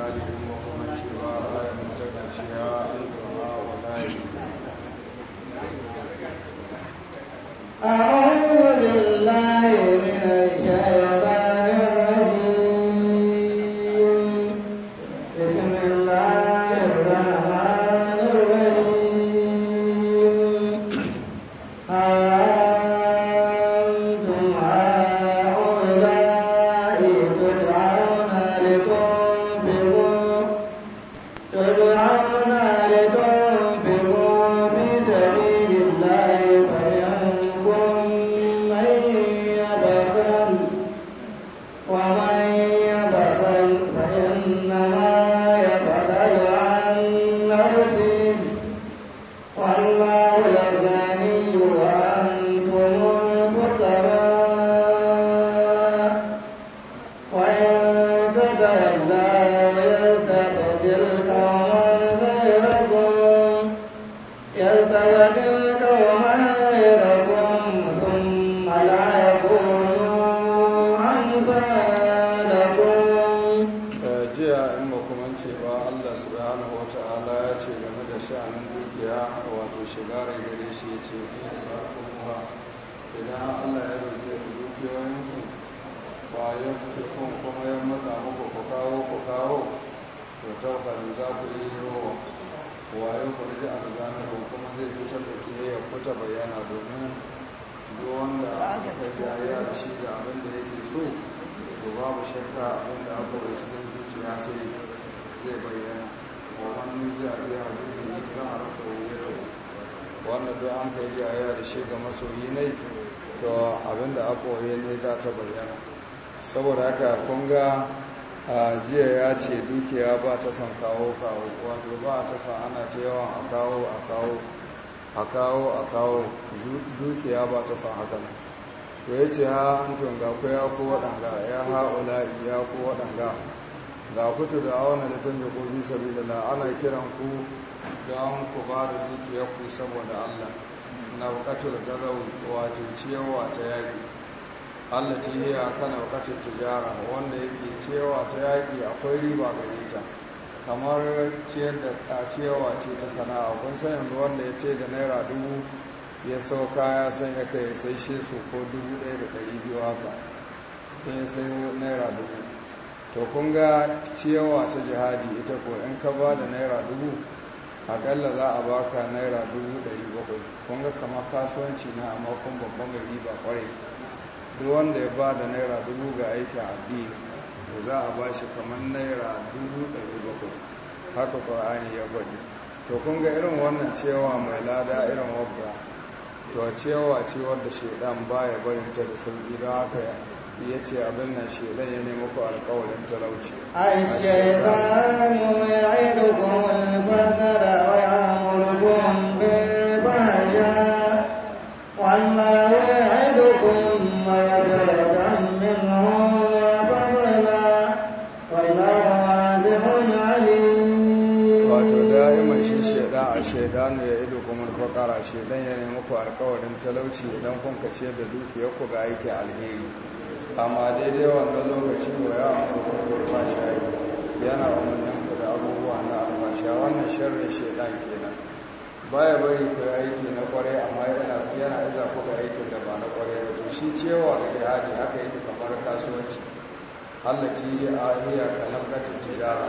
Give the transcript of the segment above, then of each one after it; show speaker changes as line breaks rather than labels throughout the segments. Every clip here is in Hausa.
jihadihim wa kuma cewa ayar mu ta ƙarshe ya an gaba wa
layi
wanda don an kai yaya da shi ga masoyi ne to abinda a koye ne za ta bayyana saboda haka kun ga jiya ya ce dukiya ba ta son kawo kawo wanda ba ta son ana ta yawan a kawo a kawo a kawo a kawo dukiya ba ta son haka nan to ya ce ha an tunga ko ya ko waɗanga ya ha'ula ya ko waɗanga da kutu da awana da tun jiko bi sabilillah ana kiran ku don ku ba da dukiyar ku saboda Allah na bukatar gazau wato ciyawa ta yaƙi Allah ta yi a kan bukatar tijara wanda yake ciyawa ta yaƙi akwai riba ga ita kamar ciyar da ta ciyawa ce ta sana'a kun san yanzu wanda ya ce da naira dubu ya sauka ya san ya kai sai shi su ko dubu ɗaya da ɗari biyu haka in ya naira dubu to kun ga ciyawa ta jihadi ita ko in ka ba da naira dubu akalla za a baka naira dubu ɗari bakwai kun ga kama kasuwanci na amma kun babban mai riba kwarai duk wanda ya ba da naira dubu ga aikin addini to za a ba shi kamar naira dubu ɗari bakwai haka ƙwar'ani ya gwada to kun ga irin wannan ciyawa mai lada irin wagga to ciyawa ce wadda shaidan baya barinta da sauki don haka ya ce abin nan shelan ya nemo ku alkawarin talauci ashaitanu
ya aidu kowal fadara wa ya murgun bi baja wallahu ya aidu kun maya dalagan min hula fadala wallahu azihun
alim wato mai shi shedan a shaitanu ya yi aidu kuma fakara shedan ya nemo ku alkawarin talauci idan kun kace da dukiyar ku ga aikin alheri amma daidai wanda lokaci wa ya amurka kurba shayi yana umarnin da abubuwa na albasha wannan shirin shaidan kenan baya bari ku aiki na kwarai amma yana iza ku ga aikin da ba na kwarai ba to shi cewa da jihadi haka yake kamar kasuwanci yi a iya kalabgatin tijara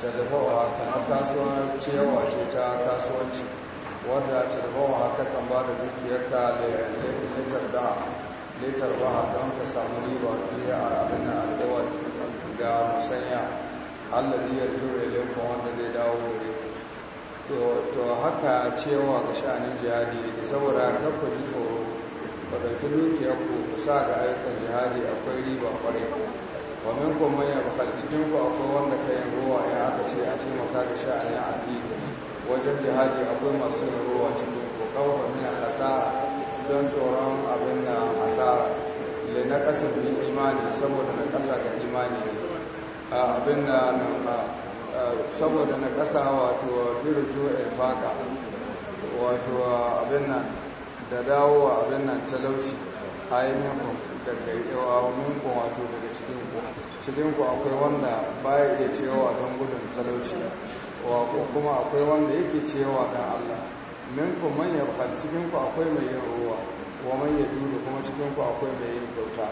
ta dabawa kamar kasuwanci cewa ce ta kasuwanci wadda ta dabawa haka kan ba da dukiyarka da da litar baha don ka samu riba biya a abin al'awar ga musanya allazi ya jure wanda zai dawo gare ku to haka cewa ga sha'anin jihadi da saboda kakku ji tsoro ba ɗauki dukiyar ku ku ga ayyukan jihadi akwai riba kwarai wamin kuma ya bakar cikin ku akwai wanda ka yin ruwa ya aka ce a taimaka ga sha'anin addini wajen jihadi akwai masu yin ruwa cikin ku kawo mina hasara don tsoron abin na hasara da na kasar bi imani saboda na kasa ga imani ne abin na saboda na kasa wato birjo elfaka wato abin nan da dawo abin nan talauci a yi daga yawaminku wato daga cikinku cikinku akwai wanda baya iya cewa don gudun talauci kuma akwai wanda yake cewa don allah minkum man yabkhal cikin ku akwai mai yin ruwa wa man juri kuma cikin akwai mai yin kyauta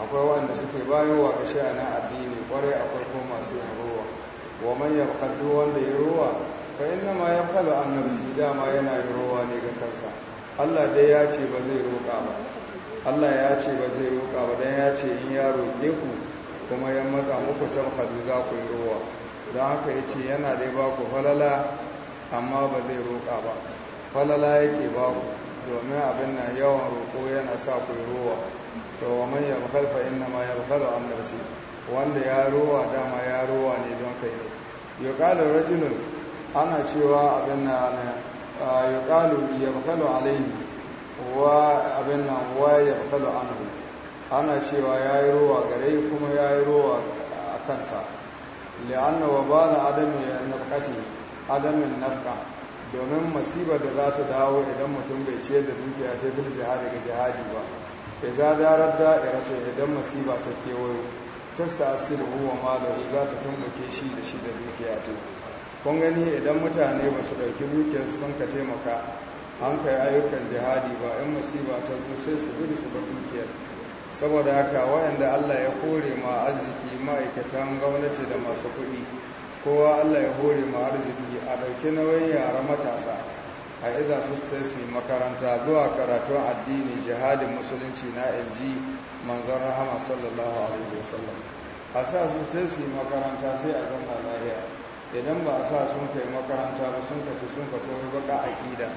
akwai wanda suke bayowa ga na addini kwarai akwai ko masu yin ruwa wa man yabkhal duk wanda ya ruwa fa inna ma yabkhalu an nafsi dama yana yin ruwa ne ga kansa Allah dai ya ce ba zai roƙa ba Allah ya ce ba zai roƙa ba dan ya ce in ya roƙe ku kuma ya matsa muku ta tabkhalu za ku yi ruwa don haka ya ce yana dai ba ku falala amma ba zai roƙa ba falala yake ba ku domin abin na yawan roƙo yana sa ku rowa to wa man yabkhal fa inna ma yabkhalu an nafsi wanda ya rowa dama ya rowa ne don kai ne yuqalu rajulun ana cewa abin na yuqalu yabkhalu alayhi wa abin nan wa yabkhalu anhu ana cewa ya yi rowa gare kuma ya yi rowa a kansa li'anna wa bala adami nafkati, adamin nafka? domin masibar da za ta dawo idan mutum bai ciyar da dukiya ta fil jihadi ga jihadi ba ya za darar da'irata idan masiba ta kewayo ta sa'asir huwa malahu za ta tumbake shi da shi da dukiya ta kun gani idan mutane ba su ɗauki dukiyar sun ka taimaka an kai ayyukan jihadi ba in masiba ta zo sai su gudu su ba dukiyar saboda haka wayanda Allah ya kore ma arziki ma'aikatan gwamnati da masu kuɗi kowa Allah ya hore ma arziki a ɗauki nauyin yara matasa a idan su su makaranta zuwa karatun addini jihadin musulunci na inji Manzan rahama sallallahu alaihi wasallam a sa su su makaranta sai a zama lahiya idan ba a sa sun kai makaranta ba sun kaci sun ka komai baka aƙida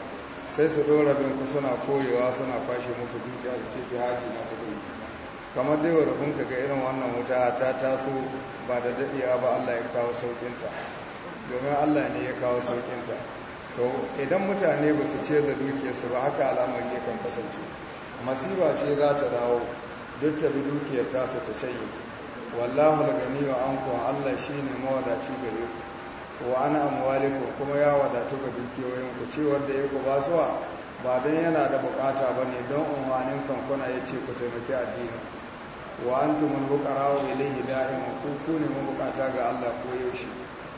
sai su ɗora bin ku suna korewa suna kwashe muku dukiya su ce jihadi na su kamar dai wadda ga irin wannan wuta ta taso ba da daɗiya ba allah ya kawo sauƙinta domin allah ne ya kawo sauƙinta to idan mutane ba su ciyar da dukiyarsu ba haka al'amari ya kan kasance masiba ce za ta dawo duk ta bi dukiyar tasu ta canye wallahu gani wa an kuwa allah shi ne mawadaci gare ku wa ana amwalikum kuma ya wadatu ga dukiyoyinku cewar da ya ku basuwa ba don yana da bukata ba ne don umarnin kankuna ya ce ku taimaki addinin wa antum al-fuqara ilayhi da'ima ne mabukata ga Allah ko yaushe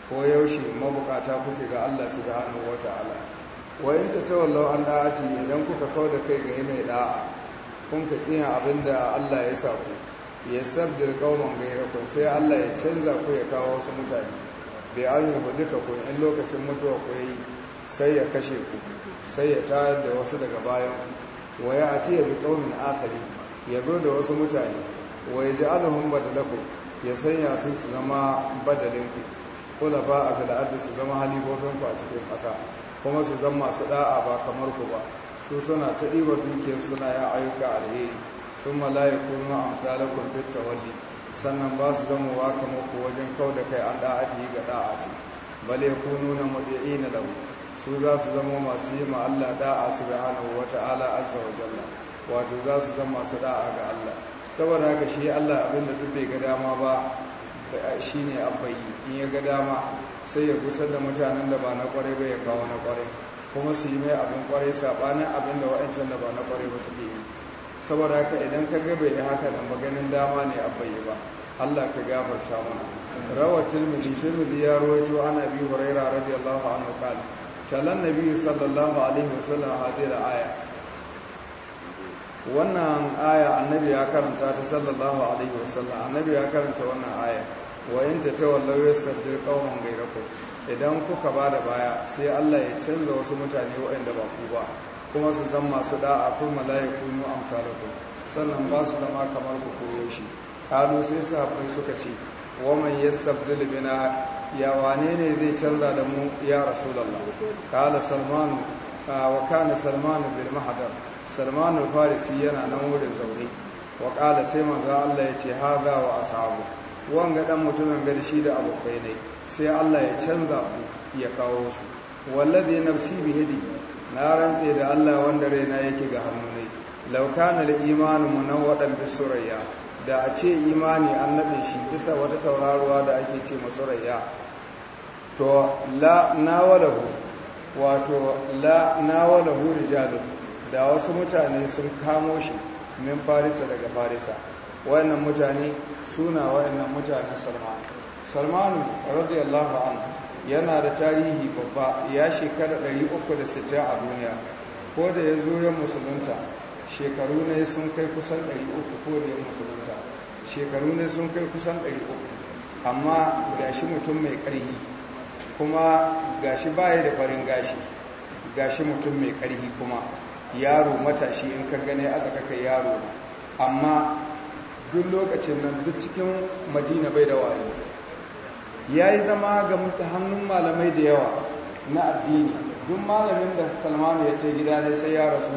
ko yaushe mabukata kuke ga Allah subhanahu hannu, wa in tatawallaw an da'ati idan kuka kauda kai ga mai da'a kun ka abinda Allah ya sa ku ya sabdil qauman ghayrakum sai Allah ya canza ku ya kawo wasu mutane bai arme ku duka ku in lokacin mutuwa ku yi sai ya kashe ku sai ya tayar da wasu daga bayan ku wa ya bi qaumin asali ya zo da wasu mutane Wai ji alhun badalaku ya sanya su su zama badalinku kula ba a fil'adda su zama halibofinku a cikin ƙasa kuma su zama masu ɗa'a ba kamar ku ba su suna ta ɗiba dukiyar suna ya ayyuka a alheri sun malaye kuma amsalakun fit tawalli sannan ba su zama wa kamar ku wajen kau da kai an da'ati ga da'ati bale ku nuna na lahu su za su zama masu yi ma Allah da'a subhanahu wata'ala azza wa jalla wato za su zama su ɗa'a ga Allah saboda haka shi Allah abinda duk bai ga dama ba shi ne abbayi in ya ga dama sai ya gusar da mutanen da ba na kwarai ba ya kawo na kwarai kuma su yi mai abin kwarai saɓanin abin da wa'ancan da ba na kwarai ba su ke yi saboda haka idan ka ga bai haka da maganin dama ne abbayi ba Allah ka gafarta mana Rawar tilmidi tilmidi ya rawaito an abi hurairah radiyallahu anhu qala talan nabi sallallahu alaihi wasallam hadhihi al-aya wannan aya annabi ya karanta ta sallallahu alaihi wasallam annabi ya karanta wannan aya wa in tatawallaw yasabbil qauman ghayrakum idan kuka ba da baya sai Allah ya canza wasu mutane waɗanda ba ku ba kuma su zama masu da'a kun mala'iku nu ku. sannan ba su zama kamar ku koyo shi kanu sai sahabbai suka ce wa man yasabdil bina ya wane ne zai canza da mu ya rasulullah kala salmanu wa kana salmanu bil mahdar Salmanu farisi yana nan wurin zaune wa sai manzo Allah ya ce haza wa ashabu wanga dan mutumin gari shi da abokai ne sai Allah ya canza ku ya kawo su wallazi nafsi bihidi na rantse da Allah wanda raina yake ga hannu ne law kana al-imanu munawwadan surayya da a ce imani an nabe shi bisa wata tauraruwa da ake ce surayya to la nawalahu wato la nawalahu rijalun da wasu mutane sun kamo shi min farisa daga farisa wayannan mutane suna wayannan mutanen salmanu. salmanu radiyallahu anhu yana da tarihi babba ya shekara 360 a duniya ko da ya zo ya musulunta shekaru ne sun kai kusan 300 ko da ya musulunta shekaru ne sun kai kusan 300 amma ga shi mutum mai karhi kuma ga shi baya da farin gashi ga shi mutum mai karhi kuma yaro matashi in ka gane a tsakaka yaro amma duk lokacin nan duk cikin madina bai da wa'azi ya yi zama ga hannun malamai da yawa na addini duk malamin da salmanu ya ce gida ne sai ya rasu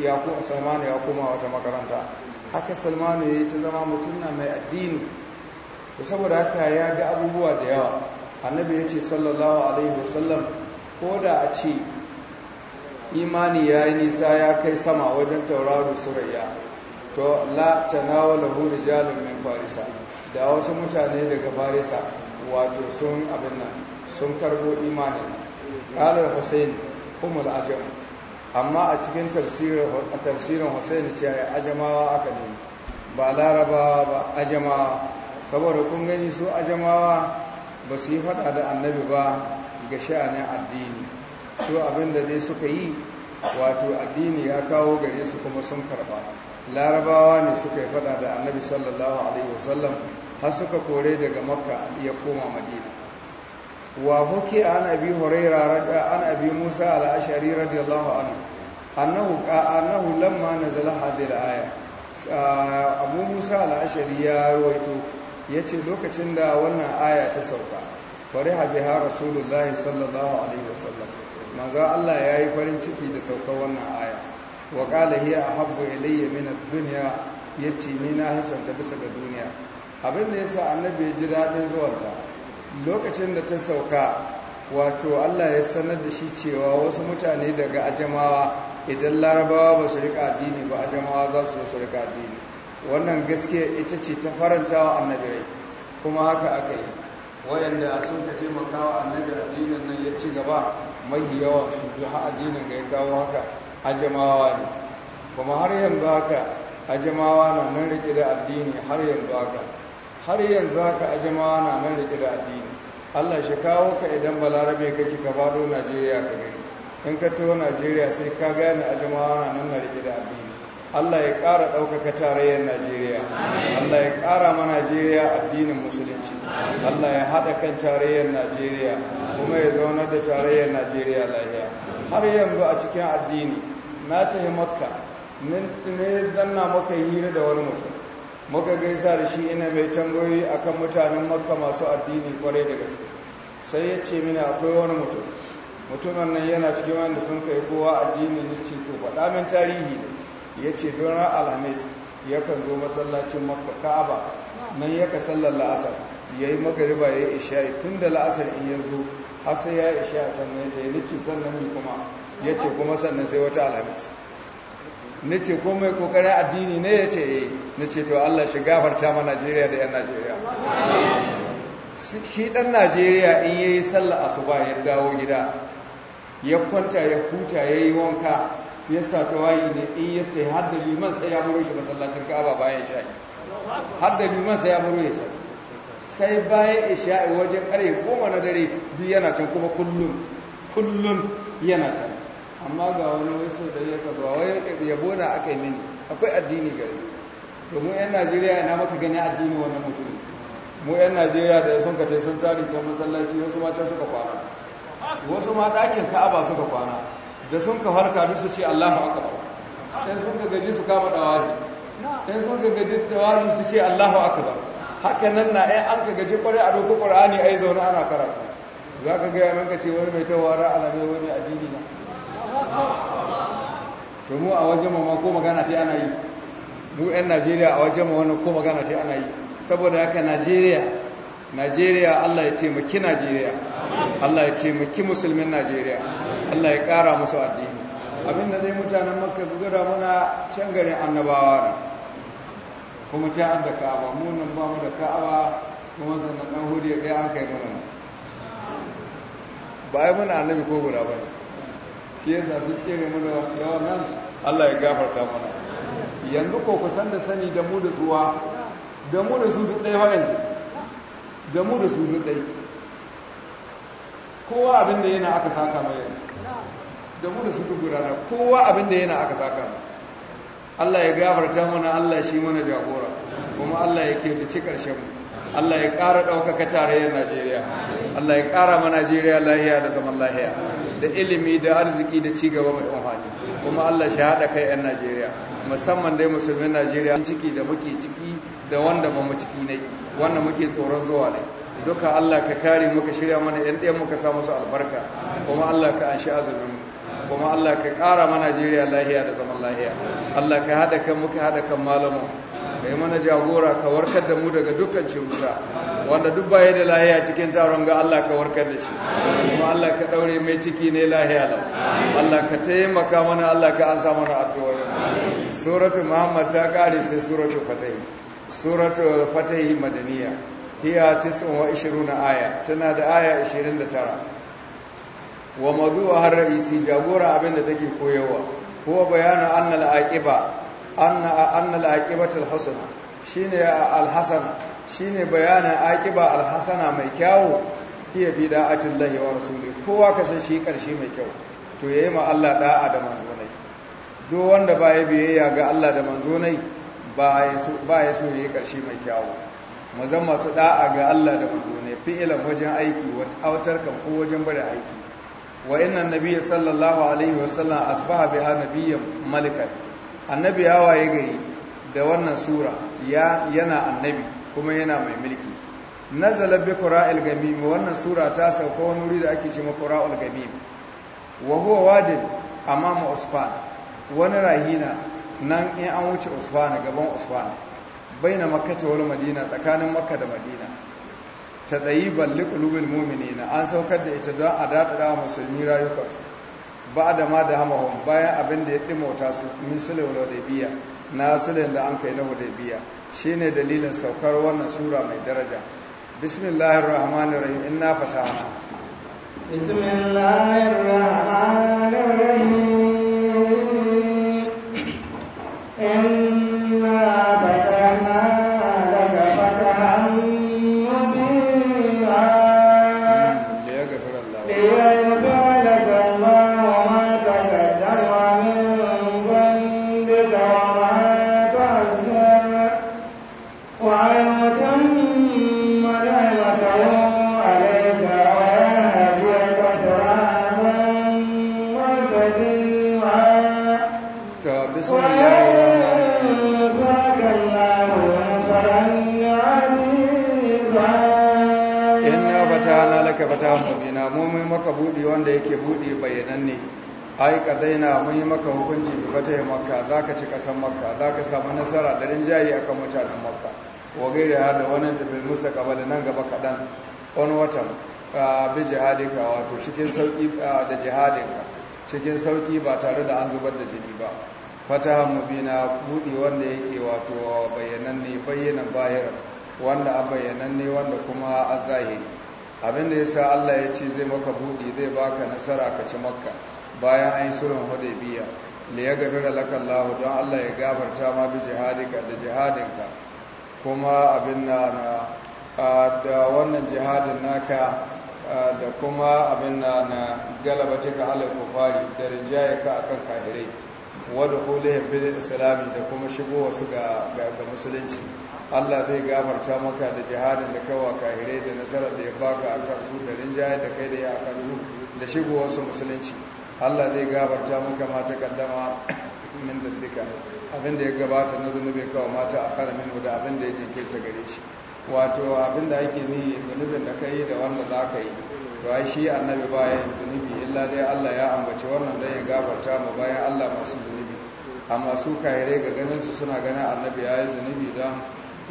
ya salmanu ya koma wata makaranta haka salmanu ya yi ta zama mutum na mai addini to saboda haka ya ga abubuwa da yawa annabi ya ce sallallahu alaihi wasallam ko da a ce imani ya yi nisa ya kai sama wajen tauraro surayya to la tanawala hu rijalun min farisa da wasu mutane daga farisa wato sun abin nan sun karbo imanin qalar kuma da ajam amma a cikin tafsirin husayn ce ya ajamawa aka ne ba larabawa ba ajamawa saboda kun gani su ajamawa ba su yi fada da annabi ba ga sha'anin addini su da dai suka yi wato addini ya kawo gare su kuma sun karba larabawa ne suka yi fada da annabi sallallahu alaihi wasallam har suka kore daga makka ya koma madina wa huke an abi huraira rada an abi musa al-ashari radiyallahu anhu annahu annahu lamma nazala hadhihi al-aya ah, abu musa al-ashari ya rawaito yace lokacin da wannan aya ta sauka fariha biha rasulullahi sallallahu alaihi wasallam manzon Allah ya yi farin ciki da saukar wannan aya wa kala hiya ahabbu ilayya min ad-dunya yace ni na hasanta bisa ga duniya abin da yasa annabi ya ji dadin zuwanta lokacin da ta sauka wato Allah ya sanar da shi cewa wasu mutane daga ajamawa idan larabawa ba su rika addini ba ajamawa za su su rika addini wannan gaskiya ita ce ta farantawa annabi kuma haka aka yi waɗanda sun ka taimakawa annabi addinin nan ya ci gaba mai yawa su bi ha addinin ga ya kawo haka ajamawa ne kuma har yanzu haka ajamawa na nan rike da addini har yanzu haka har yanzu haka ajamawa na nan rike da addini Allah shi kawo ka idan balarabe kake ka faɗo Najeriya ka gani in ka taho Najeriya sai ka gane ajamawa na nan rike da addini Allah ya ƙara ɗaukaka tarayyar Najeriya Allah ya ƙara ma Najeriya addinin musulunci Allah ya haɗa kan tarayyar Najeriya kuma ya zaunar da tarayyar Najeriya lahiya har yanzu a cikin addini na tahi makka ne zanna maka hira da wani mutum muka gaisa da shi ina mai tambayoyi akan mutanen makka masu addini kwarai da gaske sai ya ce mini akwai wani mutum mutumin nan yana cikin wanda sun kai kowa addini ne ce to faɗa min tarihi ne ya ce don ran alhamis kan zo masallacin makka ka'aba nan yaka sallar la'asar ya yi magariba ya yi tun da la'asar in ya zo har sai ya yi a sannan ya nace sannan mai kuma ya ce kuma sannan sai wata alhamis na ce ko mai kokarin addini ne ya ce eh ni ce to Allah shi gafarta ma Najeriya da 'yan Najeriya shi dan Najeriya in ya yi sallar asuba ya dawo gida ya kwanta ya huta yi wanka yasa tawayi ne in yatta hadda liman sai ya baro shi masallacin Ka'aba bayan isha'i hadda liman sai ya baro ya can sai bayan isha'i wajen ƙarfe goma na dare duk yana can kuma kullum kullum yana can amma ga wani wasu da ya ka zuwa wai yabo na aka yi mini akwai addini gari domin yan Najeriya ina maka gani addini wannan mutum mu yan Najeriya da sun kace sun tare can masallaci wasu ma ta suka kwana wasu ma ɗakin Ka'aba suka kwana da sun ka harka duk su ce Allahu akbar sai sun ka gaji su kama dawari sai sun ka gaji dawari su ce Allahu akbar haka nan na ai eh, an ka gaji kwarai a roƙo Qur'ani ai zaune ana karatu za ka ga yanan ka ce wani mai tawara alamai wani addini na to mu a wajen mu ko magana ce ana yi mu 'yan Najeriya a wajen mu wannan ko magana ce ana yi saboda haka Najeriya najeriya allah ya taimaki najeriya allah ya taimaki musulmin najeriya allah ya ƙara musu addini abin da dai mutanen makka da muna can garin annabawa ne kuma ta an da ka'aba nan ba mu da ka'aba kuma sannan ɗan hudu ya kai an kai mana ba ai mana annabi ko guda ba shi yasa sun tsere mu da yawan nan Allah ya gafarta mana yanzu ko kusan da sani da mu da tsuwa da mu da su duk ɗaya ba da mu da su dai kowa abin da yana aka saka mai da mu da su duk gudana kowa abin da yana aka saka mai Allah ya gafarta mana Allah shi mana jagora kuma Allah ya ci karshen mu Allah ya ƙara ɗaukaka tarayyar Najeriya Allah ya ƙara ma Najeriya lahiya da zaman lahiya da ilimi da arziki da ci gaba mai amfani kuma Allah shi haɗa kai 'yan Najeriya musamman dai musulmin Najeriya sun ciki da muke ciki da wanda ba mu ciki ne wanda muke tsoron zuwa ne duka Allah ka kare muka shirya mana 'yan ɗaya muka sa musu albarka kuma Allah ka anshi azumin kuma Allah ka ƙara ma Najeriya lahiya da zaman lahiya Allah ka haɗa kan muka haɗa kan malamu ka yi mana jagora ka warkar da mu daga dukkan cuta wanda duk baya da lahiya cikin taron ga Allah ka warkar da shi kuma Allah ka daure mai ciki ne lahiya lau Allah ka taimaka mana Allah ka ansa mana addu'a suratu muhammad ta kare sai suratu fatih suratu fatih madaniya hiya 29 aya tana da aya 29 wa madu'a har ra'isi jagora abinda take koyarwa. ko bayana annal aqiba anna al'aqibatul hasana shine al-hasana shine bayanin aqiba al-hasana mai kyawo. hiya fi da'atin lahi wa rasuli kowa ka san shi karshe mai kyau to yayi ma Allah da'a da manzonai duk wanda ba ya biyayya ga Allah da manzonai ba ya so ba ya so yayi karshe mai kyawo. mazan masu da'a ga Allah da manzonai fi'ilan wajen aiki wa kan ko wajen bada aiki wa inna nabiyya sallallahu alaihi wa sallam asbaha biha nabiyyan malikan annabi ya waye gari da wannan sura ya yana annabi kuma yana mai mulki nazala bi qura'il gamim wannan sura ta sauka wani wuri da ake ce ma qura'ul gamim wa huwa wadin amama usfan wani rahina nan in an wuce usfan gaban usfan baina makkah wal madina tsakanin makka da madina tadayiban liqulubil mu'minina an saukar da ita don a dadada musulmi rayukansu ba da ma da hamahun bayan abin da ya ɗimauta su min sulhul hudaybiya na sulhun da an kai na hudaybiya shine dalilin saukar wannan sura mai daraja bismillahir rahmanir rahim inna fatahna
bismillahir rahmanir rahim
maka buɗe wanda yake buɗi bayananne ai ka daina mun yi maka hukunci bi fatahi makka za ka ci kasan makka za ka samu nasara da rinjaye akan mutanen makka wa gaira da wannan tafi musa kabali nan gaba kaɗan wani watan bi jihadinka wato cikin sauƙi da jihadinka cikin sauƙi ba tare da an zubar da jini ba fataha na buɗe wanda yake wato bayyananne bayyanan bahir wanda a ne wanda kuma a zahiri abin da sa Allah ya ce zai maka buɗi zai baka nasara ka ci makka bayan an yi sulhun hudaybiya li da laka Allah don Allah ya gafarta ma bi jihadika da jihadinka kuma abin na da wannan jihadin naka da kuma abin na na cika alal kufari da rinjayaka akan kahirai wadda islami da kuma shigo wasu ga musulunci Allah zai gafarta maka da jihadin da kawa kahire da nasarar da ya baka a kan su, da rinjaye da kai da ya a su, da shigowarsu musulunci Allah zai gafarta maka mata kaddama min abin abinda ya gabata na zunubin kawa mata a kan min da abinda ya jinkirta gare shi wato abinda ake ni zunubin da kai da wanda za ka yi to ai shi annabi ba ya yin zunubi illa dai Allah ya ambaci wannan dai ya gafarta mu bayan Allah masu zunubi amma su kahire ga ganin su suna ganin annabi ya yi zunubi don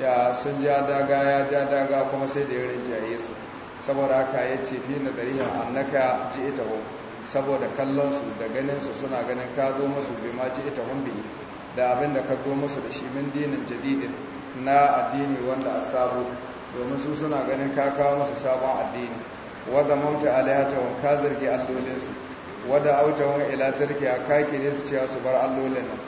ya sun ja daga ya ja daga kuma sai da yarin jaye su saboda haka ya ce fi na dariya annaka ji ita hun saboda kallon su da ganin su suna ganin ka zo musu bi ma ji ita hun bi da abin da ka zo musu da shi min dinin jadidin na addini wanda a sabo domin su suna ganin ka kawo musu sabon addini wadda mamta alahatawun ka zargi allolinsu wadda autawun ilatarki a kakirin su cewa su bar allolin nan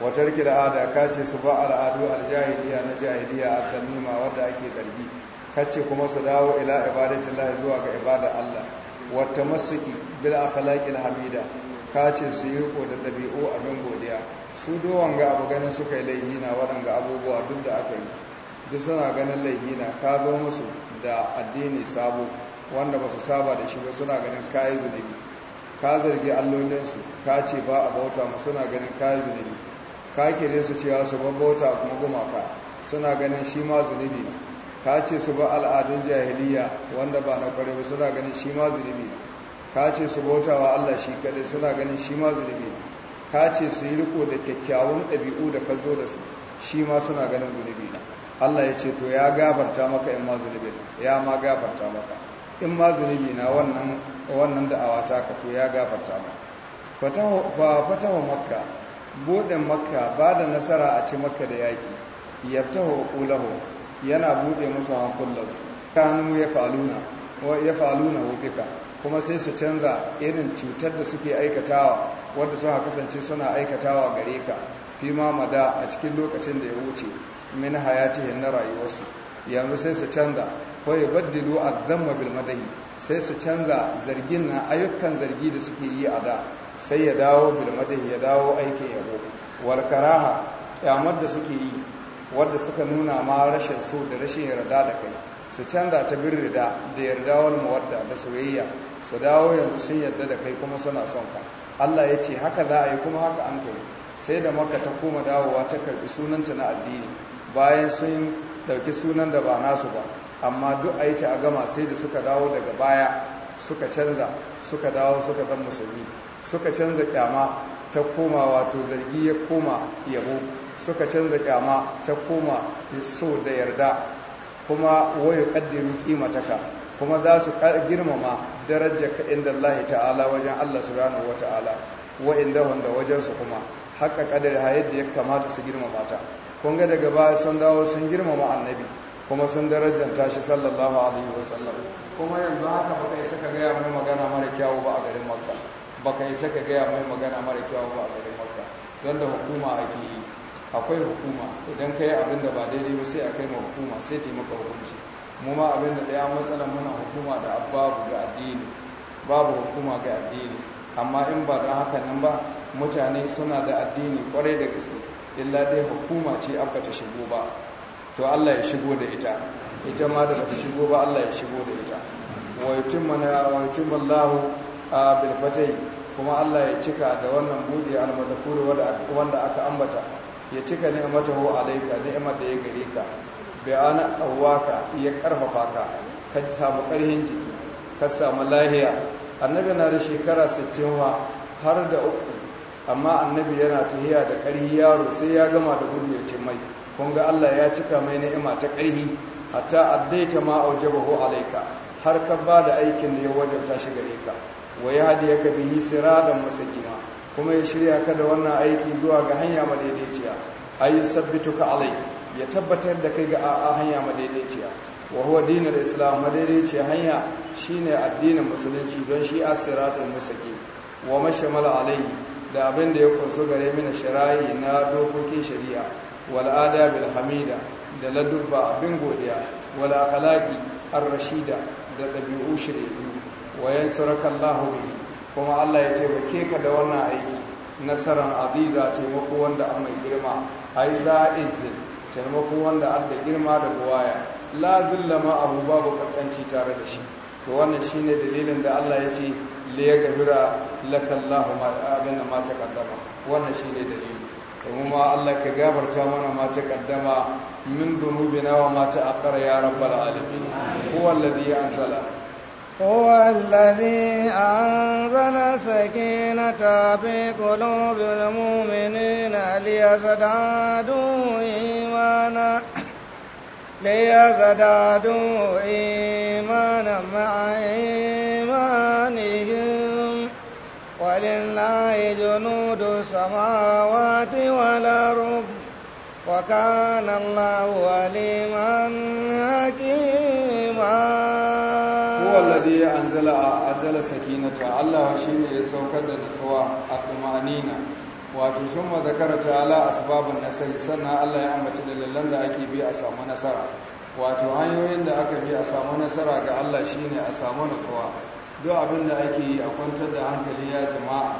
watar kira'ada ka ce su ba al'adu aljahiliya na jahiliya a tamima wadda ake zargi kace kuma su dawo ila ibadatin lahi zuwa ga ibada Allah wata masuki bil akhlaqil hamida ka ce su yi riko da ɗabi'u abin godiya su dowan ga abu ganin suka yi laihina waɗanga abubuwa duk da aka yi duk suna ganin laihina ka zo musu da addini sabo wanda ba su saba da shi ba suna ganin kayi zunubi ka zargi allolinsu ka ce ba a bauta mu suna ganin kayi zunubi ka kire su cewa su bauta kuma gumaka suna ganin shi ma zunubi ne ka ce su ba al'adun jahiliya wanda ba na kware ba suna ganin shi ma zunubi ne ka ce su bautawa Allah shi kadai suna ganin shi ma zunubi ne ka ce su yi riko da kyakkyawan ɗabi'u da ka zo da su shi ma suna ganin zunubi ne Allah ya ce to ya gafarta maka in ma zunubi ya ma gafarta maka in ma zunubi na wannan wannan da'awa ka to ya gafarta maka fatahu makka buɗin makka ba da nasara a ci makka da yaƙi yabta hukulahu yana buɗe musu hankulansu kanu ya faluna ya faluna kuma sai su canza irin cutar da suke aikatawa wadda suka kasance suna aikatawa gare ka fi ma mada a cikin lokacin da ya wuce min hayatihin na rayuwarsu yanzu sai su canza ko ya baddilu azzamma bil madahi sai su canza zargin na ayyukan zargi da suke yi a da sai ya dawo bilmadahi ya dawo aikin yabo walkaraha karaha kyamar da suke yi wadda suka nuna ma rashin so da rashin yarda da kai su canza ta bin rida da yarda wani mawadda da soyayya su dawo yanzu sun yarda da kai kuma suna son ka Allah ya ce haka za a yi kuma haka an kai sai da maka ta koma dawowa ta karbi sunanta na addini bayan sun dauki sunan da ba nasu ba amma duk a yi ta a gama sai da suka dawo daga baya suka canza suka dawo suka zan musulmi suka canza kyama ta koma wato zargi ya koma yabo suka canza kyama ta koma so da yarda kuma wayo kaddiru kimataka kuma za su girmama darajarka inda Allah ta'ala wajen Allah subhanahu wa ta'ala wa inda wanda wajensu kuma haka kadar ha yadda ya kamata su girmama ta kun ga daga baya sun dawo sun girmama annabi kuma sun darajanta shi sallallahu alaihi wasallam kuma yanzu haka baka isa ka gaya mai magana mara kyawu ba a garin makka baka isa ka gaya mai magana mara kyawu ba a garin makka don da hukuma ake yi akwai hukuma idan ka yi abin da ba daidai ba sai a kai ma hukuma sai taimaka hukunci mu ma abin da ɗaya matsalar muna hukuma da babu ga addini babu hukuma ga addini amma in ba da haka nan ba mutane suna da addini kwarai da gaske illa dai hukuma ce abba ta shigo ba to Allah ya shigo da ita ita ma da bata shigo ba Allah ya shigo da ita wa yutimma wa yutimma Allahu bil fatai kuma Allah ya cika da wannan buɗe al wanda aka ambata ya cika ni'matahu alayka ni'mat da ya gare ka bi ana awaka ya karfafa ka ka samu karhin jiki ka samu lahiya annabi na da shekara 60 har da uku amma annabi yana tahiya da karhi yaro sai ya gama da gudu ya ce mai Kunga Allah ya cika mai ni'ima ta ƙarhi hatta addaita ma aujabahu alaika. har ka ba da aikin da ya wajabta shi gare ka wa ka bihi siradan mustaqima kuma ya shirya ka da wannan aiki zuwa ga hanya madaidaiciya ay sabbituka alai ya tabbatar da kai ga a hanya madaidaiciya wa huwa dinul islam madaidaiciya hanya shine addinin musulunci don shi as-siratul mustaqim wa mashamal alai da abin da ya kunsu gare mina sharai na dokokin shari'a Wal'ada bil hamida da ladubba abin godiya wal akhlaqi ar-rashida da dabi'u shiriyu wa yansuraka Allahu bi kuma Allah ya taimake ka da wannan aiki nasaran aziza taimako wanda an mai girma ai za'iz taimako wanda an da girma da buwaya la ma abu babu kaskanci tare da shi to wannan shine dalilin da Allah ya ce li yaghfira lakallahu ma abinda ma taqaddama wannan shine dalilin kuma Allah ka gafarta mana ma ta kaddama min dhunubina wa ma ta akhara ya rabbal alamin huwa alladhi anzala
هو الذي أنزل سكينة في قلوب المؤمنين ليزدادوا إيمانا ليزدادوا إيمانا مع إيمانهم ولله جنود السماوات والأرض وكان الله عليما حكيما
alladhi anzala anzala sakinata Allah shine ya saukar da nutsuwa a tumanina wato summa zakara ta'ala asbabun nasari sannan Allah ya ambaci dalilan da ake bi a samu nasara wato hanyoyin da aka bi a samu nasara ga Allah shine a samu nutsuwa duk abin da ake yi a kwantar da hankali ya jama'a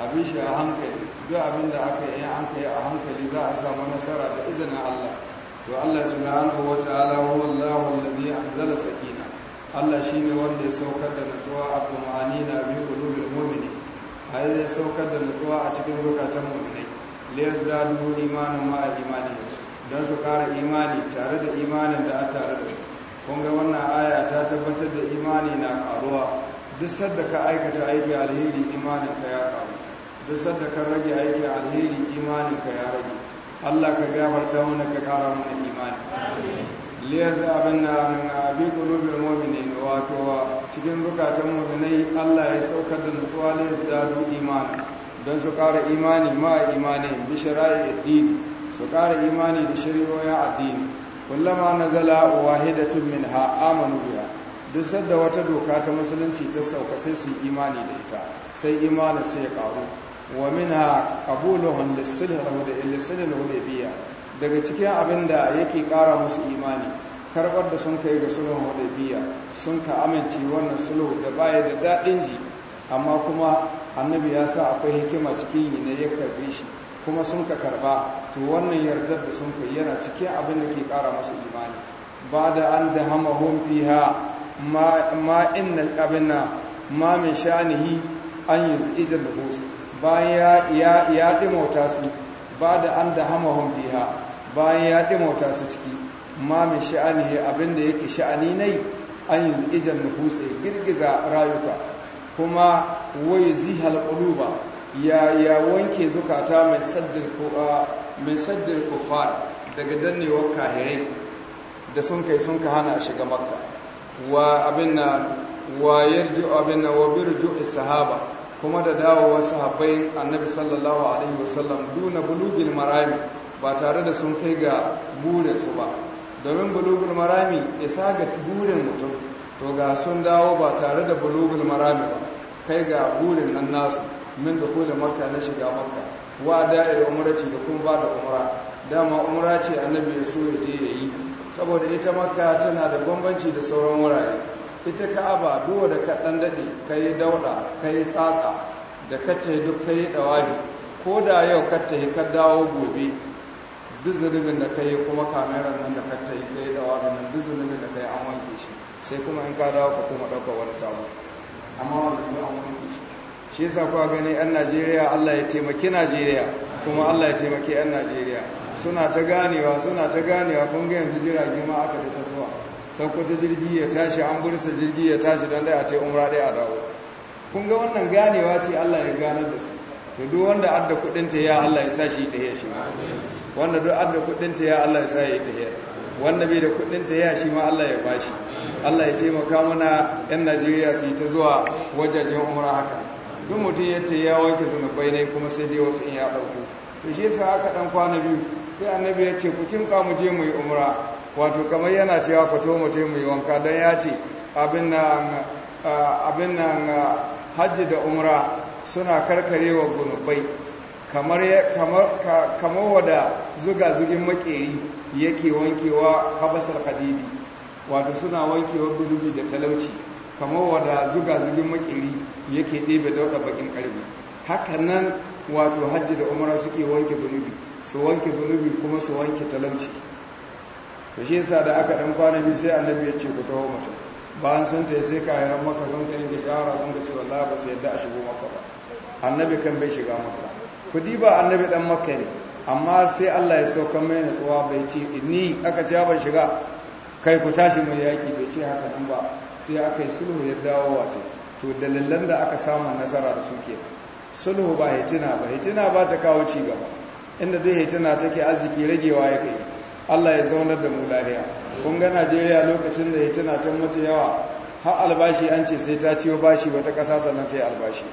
abin shi a hankali duk abin da aka yi an kai a hankali za a samu nasara da izinin Allah to Allah subhanahu wa ta'ala huwa Allahu alladhi anzala sakina Allah shine wanda ya saukar da nutsuwa a na bi qulubil mu'mini ai ya saukar da nutsuwa a cikin zukatan mu'minai li yazdadu imanan ma'a imani dan su kara imani tare da imanin da a tare da su kun ga wannan aya ta tabbatar da imani na karuwa duk sadda ka aikata aiki alheri imanin ka ya karu duk sadda ka rage aiki alheri imanin ka ya rage Allah ka gafarta mana ka kara mana imani liyaz abinna min abi qulubil mu'minin wato cikin zukatan mu'minai Allah ya saukar da nutsuwa su dadu imani don su kara imani ma imani bi shara'i addini su kara imani da shari'o'in addini kullama nazala wahidatun minha amanu biha duk sadda wata doka ta musulunci ta sauka sai su yi imani da ita sai imanin sai ya karu wa minha qabuluhum lis-sulh al daga cikin abin da yake kara musu imani karbar da sun kai ga sulhun hudaybiyya sun ka amince wannan sulhu da baya da dadin ji amma kuma annabi ya sa akwai hikima cikin yi ne ya karbe shi kuma sun ka karba to wannan yardar da sun kai yana cikin abin da ke kara musu imani ba da an da hamahum fiha ma inna abin ma min sha'anihi an yi izin da kusa bayan ya ya dimauta su ba da an da hamahun biya bayan ya dimauta su ciki ma min sha'anihi abin da yake sha'ani nai an yi izin da kusa girgiza rayuka kuma wai zihal quluba ya ya wanke zukata mai saddar mai kufar daga dannewar kahirai da sun kai sun ka hana shiga makka wa abin na wa yarju abin na wa birju sahaba kuma da dawowa sahabbai annabi sallallahu alaihi wasallam duna bulugil marami ba tare da sun kai ga burinsu ba domin bulugul marami isa ga burin mutum to ga sun dawo ba tare da bulugul marami ba kai ga burin nan nasu min da kula makka na shiga makka wa da'ir umrati da kun ba da umra dama umra ce annabi ya so ya je ya yi saboda ita makka tana da bambanci da sauran wurare ita ka'aba duwa da kaɗan daɗe ka yi dauɗa ka yi tsatsa da yi duk ka yi ɗawahi ko da yau yi ka dawo gobe duk zunubin da ka yi kuma kameran nan da yi ka yi ɗawahi nan duk zunubin da ka yi an wanke shi sai kuma in ka dawo ka kuma ɗauka wani sabo amma wanda kuma an wanke shi shi yasa kuwa gani 'yan najeriya allah ya taimaki najeriya kuma allah ya taimaki 'yan najeriya suna ta ganewa suna ta ganewa kun ga yanzu jirage ma aka ta kasuwa sau ta jirgi ya tashi an bursa jirgi ya tashi don dai a ce umra dai a dawo kun ga wannan ganewa ce Allah ya ganar da su to duk wanda adda kudin ta ya Allah ya sa shi ta ya shi wanda duk adda kudin ta ya Allah ya sa ya ta yi wanda bai da kudin ta ya shi ma Allah ya bashi Allah ya taimaka mana yan Najeriya su yi ta zuwa wajajen umra haka duk mutum ya ta ya wanke zunubai ne kuma sai dai wasu in ya ɗauko. to shi yasa haka dan kwana biyu sai annabi ya ce ku kimka mu je mu yi umra wato kamar yana cewa ku to mu je mu yi wanka don ya ce abin nan hajji da umra suna karkarewa gunubai kamar kamar wada zuga zugin makeri yake wankewa habasar hadidi wato suna wankewa gudubi da talauci kamar wada zuga zugin makeri yake ɗebe dauɗa bakin ƙarfi haka nan wato hajji da umara suke wanke zunubi su wanke zunubi kuma su wanke talauci ta shi yasa da aka ɗan kwana biyu sai annabi ya ce ku taho mata bayan sun ta sai kayan maka sun ka yanke shahara sun ka ce wallahi ba su yadda a shigo maka ba annabi kan bai shiga maka kudi ba annabi dan maka ne amma sai Allah ya sauka mai natsuwa bai ce ni aka ce ban shiga kai ku tashi mai yaki bai ce haka nan ba sai aka yi sulhu ya dawo wato to dalilan da aka samu nasara da suke sulhu ba hitina ba hitina ba ta kawo ci gaba inda dai tana take arziki ragewa ya kai Allah ya zaunar da mu lahiya kun ga Najeriya lokacin da tana tun mace yawa har albashi an ce sai ta ciyo bashi wata kasa sannan ta yi albashi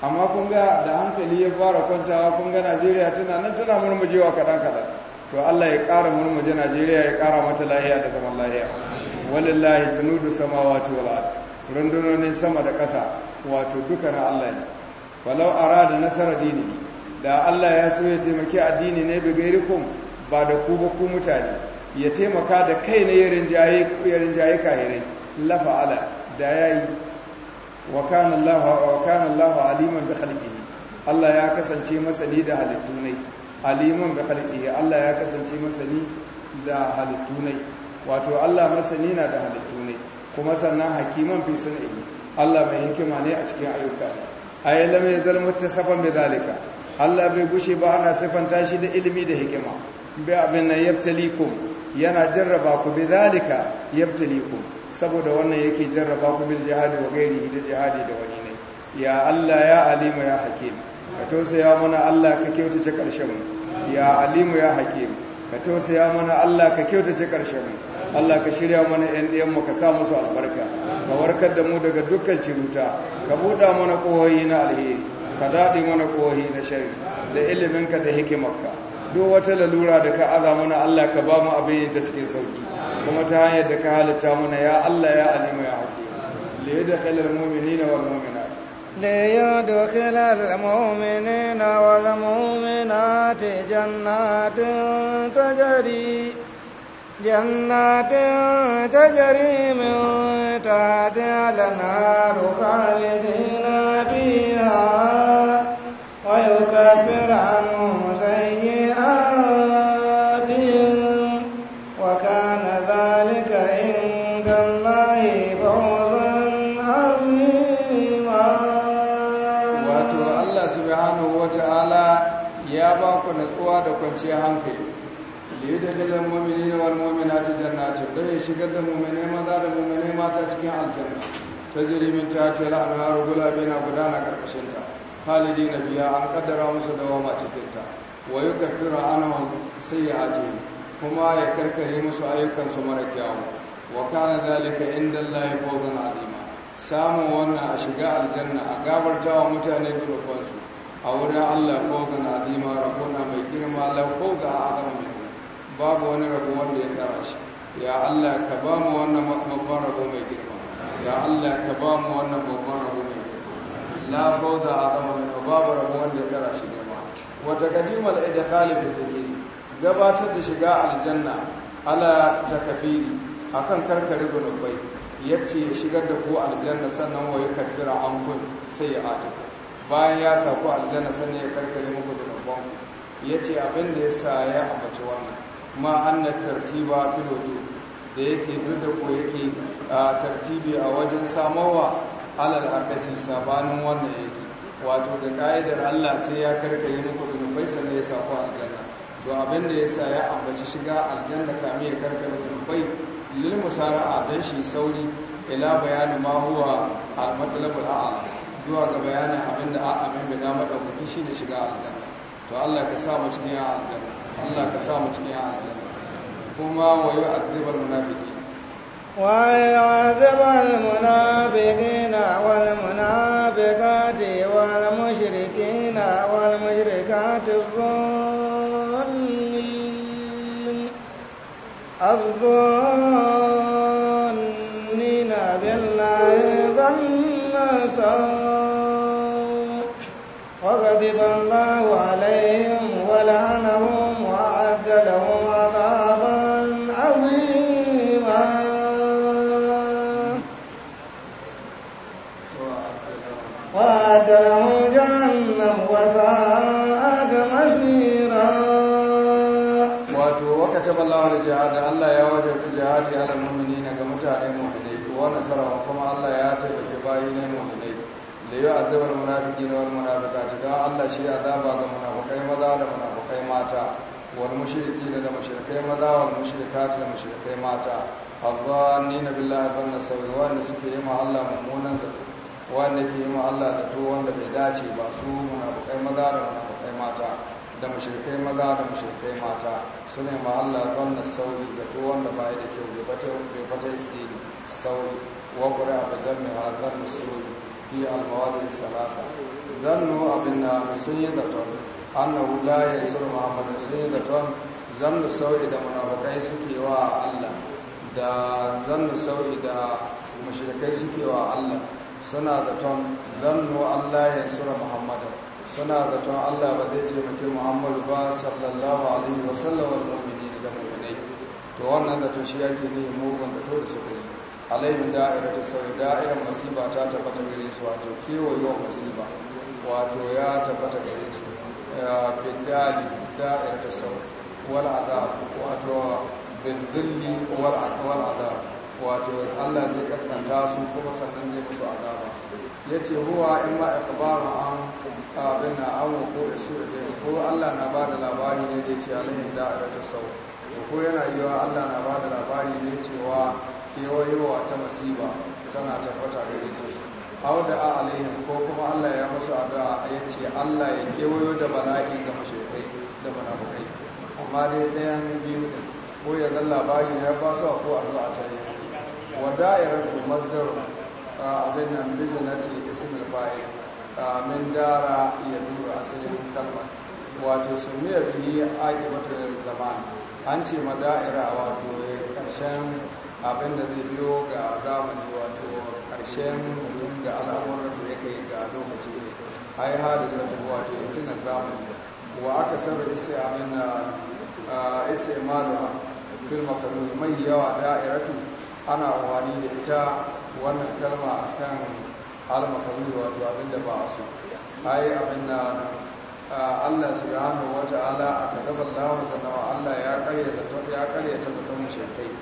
amma kun ga da hankali ya fara kwantawa kun ga Najeriya tana nan tana murmujewa kaɗan kaɗan to Allah ya ƙara murmuje Najeriya ya ƙara mata lahiya da zaman lahiya walillahi junudu samawati wal ard rundunonin sama da ƙasa wato duka na Allah ne walau arada nasara dini da Allah ya so ya taimake addini ne bi gairikum ba da ku ba ku mutane ya taimaka da kai na yarin jaye yarin jaye kahirai lafa ala da yayi wa kana Allah wa kana Allah aliman bi khalqihi Allah ya kasance masani da halittu ne aliman bi khalqihi Allah ya kasance masani da halittu ne wato Allah masani na da halittu ne kuma sannan hakiman fi sunni Allah mai hikima ne a cikin ayyuka ayyalama ya zalmu tasafan bi dalika Allah bai gushe ba ana sifanta shi da ilimi da hikima bai abin nan yabtalikum yana jarraba ku bi zalika yabtalikum saboda wannan yake jarraba ku bil jihadi wa gairi da jihadi da wani ne ya Allah ya alimu ya hakim ka tausaya mana Allah ka kyautace karshen mu ya alimu ya hakim ka tausaya mana Allah ka kyautace karshen mu Allah ka shirya mana ƴan ɗiyan mu ka sa musu albarka ka warkar da mu daga dukkan ciruta ka buɗa mana ƙohoyi na alheri ka daɗi mana kohi na shari da iliminka da hikimarka duk wata lalura da ka aza mana Allah ka ba mu abin ta cikin sauki kuma ta hanyar da ka halitta mana ya Allah ya alimu ya haƙi da yadkhil al mu'minina wal mu'minat
li yadkhil al mu'minina wal mu'minat jannatin tajri جنات تجري من تحتها الانهار خالدين فيها ويكفر عنهم سيئاتهم وكان ذلك عند الله فوزا عظيما
واتو الله سبحانه وتعالى يا باكو نسوا دكم شيئا da yi dalilan mummini na walmumina ta don ya shigar da mummini maza da mummini mata cikin aljanna ta min ta ce ra'anar gulabe na gudana ƙarƙashinta halidi na biya an kaddara musu da cikinta cikin ta wa yukaffiru sai ya kuma ya karkare musu ayyukansu mara kyawu wa kana dalika inda Allah ya fawzan azima samun wannan a shiga aljanna a wa mutane gudufansu a wurin Allah fawzan azima rabona mai girma lau ko ga azama mai babu wani rabu wanda ya kara shi ya Allah ka ba mu wannan babban rabo mai girma ya Allah ka ba mu wannan babban rabo mai girma la bauda adama min babu rabu wanda ya kara shi girma wa taqdimal idkhal fi dhikri gabatar da shiga aljanna ala takafiri akan karkare gunubai yace ya shigar da ku aljanna sannan wa ya kafira an kun sai ya atuku bayan ya sa ku aljanna sannan ya karkare muku gunubanku yace abin da sa ya ambaci wannan ma annan tartiba fil da yake duk da ko yake tartibi a wajen samowa alal akasi sabanin wannan yake wato da ka'idar Allah sai ya karka yi muku faisa ne ya sako aljanna to abin da sa ya ambaci shiga aljanna kame ya karkaye zunubai lil a dan shi sauri ila bayani ma huwa al matlabul a'a zuwa ga bayanin abin da abin da na shi shine shiga aljanna to Allah ka sa mu cikin aljanna Allah ka sa mu cikin aljanna kuma wa yu'adhibul munafiqin
wa yu'adhibul munafiqina wal munafiqati wal mushrikina wal mushrikati dhunnin الظنين بالله ظن سوء وغضب الله عليه
jihadi ala mu'minina ga mutane mu'minai wa nasara kuma Allah ya ke bayi ne mu'minai da yau azabar munafiki na wani munafika ga Allah shi azaba ga munafikai maza da munafikai mata wani mushriki da da mushrikai maza wani ta da mushrikai mata azzani na billahi ban na sauyi wanda suke yi ma Allah mummunan zafi. wanda ke yi ma Allah zato wanda bai dace ba su munafikai maza da munafikai mata da mashirkai maza da mashirkai mata su ne ma Allah wannan sauri zato wanda ba da kyau bai fata tsiri sauri wa kuri abu don mai hazar musuli fi almawadin salasa zannu abin na sun yi zaton annahu la ya isur muhammadu sun yi zaton zannu sauri da munafukai suke wa Allah da zannu sauri da mashirkai suke wa Allah suna zaton zannu Allah ya isur muhammadu suna zaton Allah ba zai taimaki Muhammadu ba sallallahu alaihi wa sallam wal mu'minin da mu'minai to wannan zaton shi yake ne mugun zato da suka yi alaihim da'iratu sawi da'iran masiba ta tabbata gare su wato kewayewar masiba wato ya tabbata gare su bidali da'iratu sawi wal adab wato bidilli wal adab wato Allah zai kaskanta su kuma sannan zai musu azaba ya ce huwa in ma ikhbaru an abin na ko isu da ko Allah na bada labari ne da yace alhin da sau ko yana yiwa Allah na bada labari ne cewa kewayowa ta masiba tana tabbata da yace hau da a ko kuma Allah ya musu addu'a yace yace Allah ya kewayo da bala'i ga mashirkai da munafukai amma dai ɗayan biyu da ko ya labari ya ba su ko addu'a ta yi wada'irar masdar abin nan bizinati ismul fa'il min dara ya dura asalin kalma wato ake bihi aqibatu zaman an ce ma da'ira wato karshen abin da zai biyo ga zamani wato karshen mutum da al'amuran da ya kai ga lokaci ne ai hadisa wato tuna zamani wa aka sarra isi amin isi malama? Filma makarun mai yawa da'iratu ana wani da ita wannan kalma kan kan makruh wato abin da ba a so ai abin na Allah hannu wata ala a kadabar da sanawa Allah ya karyata ya karyata da tun shekai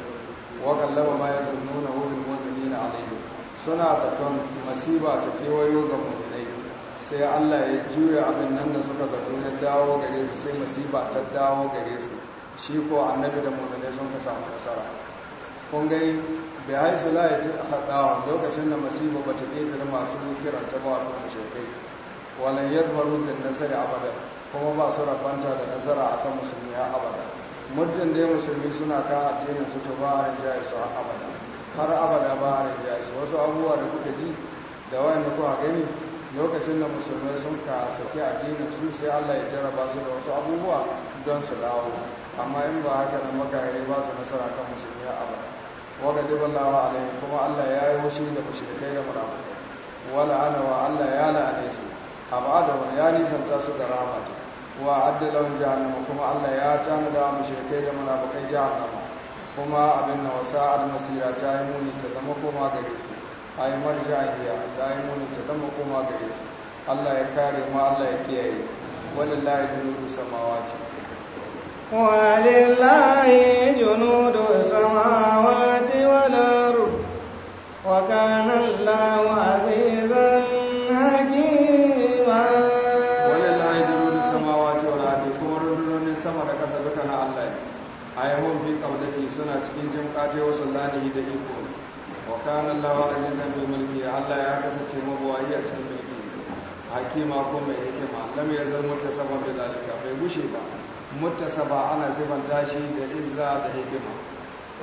wa kallama ma yazunnuna hu bil alayhi suna da tun masiba ta kewayo ga mu'minai sai Allah ya juya abin nan da suka zato ya dawo gare su sai masiba ta dawo gare su shi ko annabi da mu'minai sun ka samu nasara kun gani bai haisu la ya haɗawa lokacin da masibo ba ta ƙetare masu kiran ta ba a mashaikai walan yadbaru bin nasari abada kuma ba su rabanta da nasara kan musulmi har abada muddin dai musulmi suna kan addinin su to ba a rinjaye su a abada har abada ba a rinjaye su wasu abubuwa da kuka ji da da kuka gani lokacin da musulmai sun ka saki addinin su sai Allah ya jarraba su da wasu abubuwa don su dawo amma in ba haka nan makare ba su nasara kan musulmi abada wanda dubban lawa alaihi kuma Allah ya yi wuce da mushrikai da munafikai wala ana wa Allah ya la'ane su abada ya nisanta su da rahmat wa addalahum jahannama kuma Allah ya tanada mushrikai da jihar jahannama kuma abin na wasa almasira ta yi muni ta zama koma gare su a yi marjahiya ta yi muni ta zama koma gare su Allah ya kare ma Allah ya kiyaye Wani walillahi samawa ce.
ولله جنود السماوات والأرض وكان الله عزيزا حكيما
ولله جنود السماوات والأرض كورن السماء كسا دكان الله أيهم في قبضتي سنة cikin jin kaje wasallani da iko wa kana Allah azizan bi mulki Allah ya kasance mabuwayi a cikin mulki hakima ko mai hikima lam yazal mutasabbin bi zalika bai bushe ba muttasaba ana sifanta shi da izza da hikima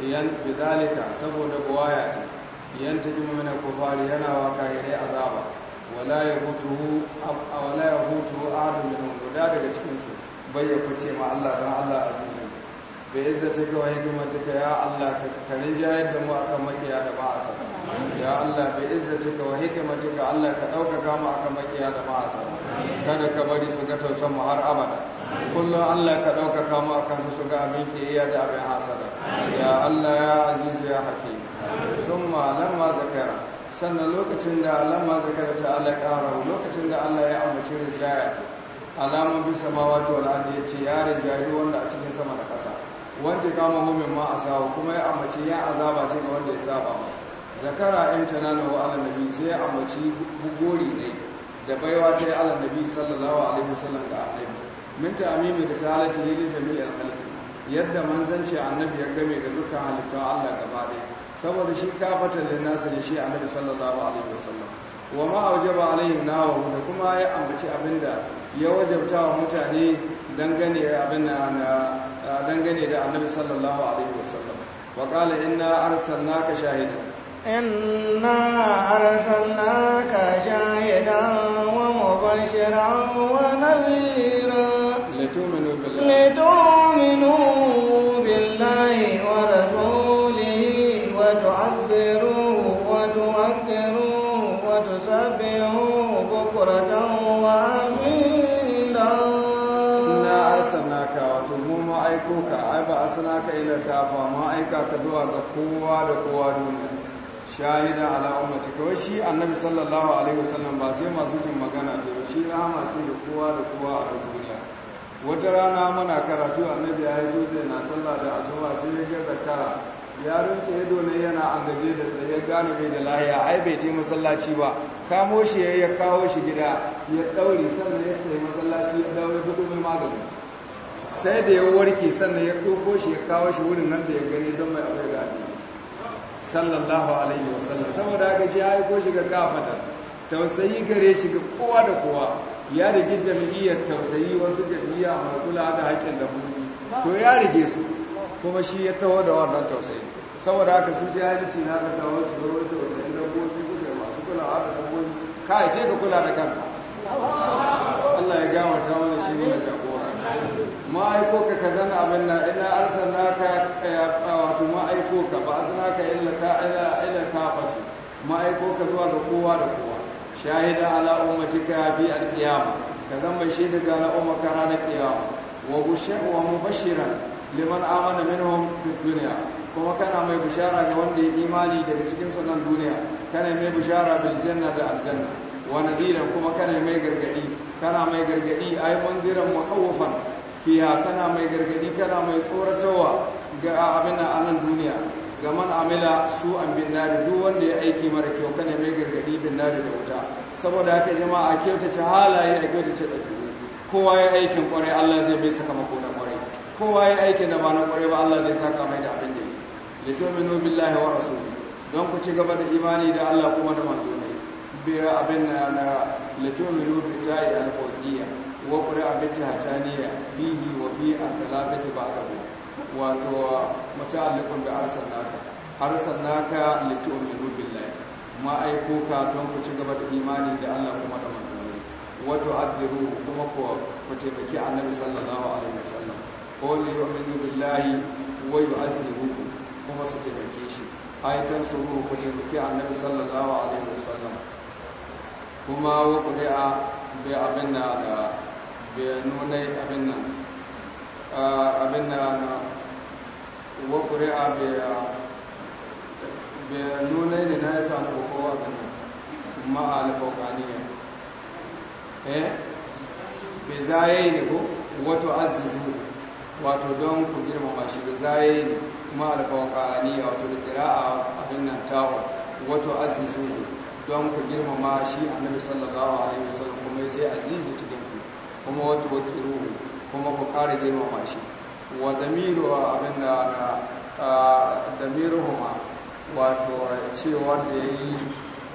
yan bidalika saboda buwaya ta yan ta jima mina kufari yana wa kahirai azaba wala ya hutu adu min guda daga cikinsu bai ya kuce ma Allah don Allah azizin da wani kuma ta ya Allah ka kare jayar da mu akan makiya da ba a ya Allah bi ka wa hikmatika Allah ka ɗaukaka mu akan makiya da ba a kada ka bari su ga tausan mu har abada kullum Allah ka ɗaukaka mu akan su su ga abin iya da abin hasada ya Allah ya aziz ya hakim summa lamma zakara sannan lokacin da lamma zakara ta Allah ƙara lokacin da Allah ya amince rijaya ta alamun bisa mawata wal ya ce ya rijayi wanda a cikin sama da ƙasa wanda kama mumin ma sawa kuma ya ambaci ya azaba ce ga wanda ya saba mai zakara in wa ala nabi sai ya ambaci gori ne da baiwa ta yi ala nabi sallallahu alaihi wasallam ga annabi min ta'amimi risalati lil jami'il khalq yadda manzanci annabi ya game ga dukkan halitta Allah gaba ɗaya saboda shi kafatan lin nasu ne shi annabi sallallahu alaihi wasallam wa ma aujaba alaihi nawahu da kuma ya ambaci abinda ya wajabta wa mutane dangane abin na dangane da annabi sallallahu alaihi wasallam wa qala inna arsalnaka shahidan
inna arsalnaka shahidan wa mubashiran wa nadhira litu'minu billahi
aiko ka ai ba sana ka ila fa ma aika ka zuwa ga kowa da kowa duniya shahida ala ummati kawai shi annabi sallallahu alaihi wasallam ba sai masu jin magana ce shi rahama ce da kowa da kowa a duniya wata rana muna karatu annabi ya yi zai na sallah da asuba sai ya ga zakara ya ce ido ne yana angaje da tsaye gano bai da lahiya ai bai je masallaci ba kamo shi ya kawo shi gida ya daure sannan ya tsaye masallaci ya daure hudu mai magani sai da ya warke sannan ya ɗauko shi ya kawo shi wurin nan da ya gani don mai abai da addini sallallahu alaihi wasallam saboda haka shi ya aiko shi ga kafatar tausayi gare shi ga kowa da kowa ya rige jam'iyyar tausayi wasu jam'iyya mai kula da haƙƙin dabbobi to ya rige su kuma shi ya taho da wannan tausayi saboda haka su shi na ka su tausayi, tausayin dabbobi su masu kulawa da dabbobi kai ce ka kula da kanka Allah ya gafarta mana shi ne jagora ma ka ka zana abin na ina arsalna ka wato ma aiko ka ba asana ka illa ka ila ila ka zuwa ga kowa da kowa shahida ala ummatika bi alqiyama ka zan mai shaida ga al'umma ka ranar qiyama wa wa mubashiran liman amana minhum fi dunya kuma kana mai bishara ga wanda ya imani daga cikin sunan duniya kana mai bishara bil janna da aljanna wa nadiran kuma kana mai gargadi kana mai gargadi ai diran mukhawfan fiha kana mai gargadi kana mai tsoratawa ga abin nan nan duniya ga man amila su an bin nari duk wanda ya aiki mara kyau kana mai gargadi bin nari da wuta saboda haka jama'a kyautace halaye a kyautace ɗabi'u kowa ya aikin kwarai Allah zai bai sakamako na kwarai kowa ya aikin da ba na kwarai ba Allah zai saka mai da abin da yi litominu billahi wa rasuli don ku ci gaba da imani da Allah kuma da manzoni biya abin na na latominu fita yi alfauƙiya wa kuri abinci hataniya bihi wa fi alkalabati ba da mu wato muta'alliqun bi arsalnaka arsalnaka litu'minu billahi ma aiko ka don ku ci gaba da imani da Allah kuma da manzanni wato abiru kuma ku ku taimaki annabi sallallahu alaihi wasallam ko li yu'minu billahi wa yu'azziruhu kuma su taimake shi aitan suru ku taimaki annabi sallallahu alaihi wasallam kuma wa ƙuri'a bai abin na da bai nuna abin nan abin na wa ƙuri'a bai nuna ne na ya samu kowa abin nan ma'alifokaniya eh bai zaye ne ko wato azizu wato don ku girmama shi bai zaye ne ma'alifokaniya wato da a abin nan tawa wato azizu don ku girmama shi annabi sallallahu alaihi wasallam kuma sai azizu cikin ku kuma wato ruhu kuma ku kare girmama shi wa damiru abin da huma wato cewa da yayi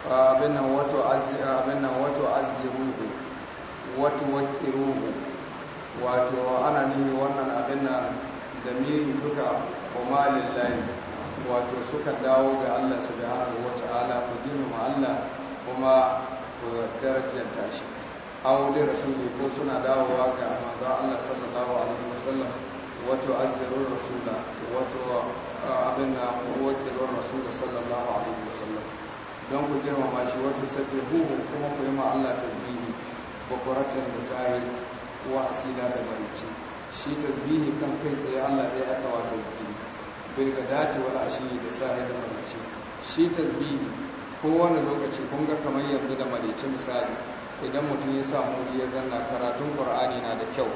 abin nan wato azzi abin nan wato azziruhu wato ruhu wato ana nihi wannan abin nan damiru duka kuma lillahi wato suka dawo ga Allah subhanahu wa ala ku ma Allah kuma ku darajanta shi aw da rasuli ko suna dawowa ga manzon Allah sallallahu alaihi wasallam wato azziru rasula wato abin da zo rasula sallallahu alaihi wasallam don ku girmama shi wato sabbi hu, kuma ku yi ma Allah tabbihi ko kuratan misali wa asila da barici shi tabbihi kan kai sai Allah ya aka wato tabbihi bilga wala a ashi da sahi da malice shi tasbihi kowane lokaci kun ga kamar yanzu da malice misali idan mutum ya sa muri ya zanna karatun qur'ani na da kyau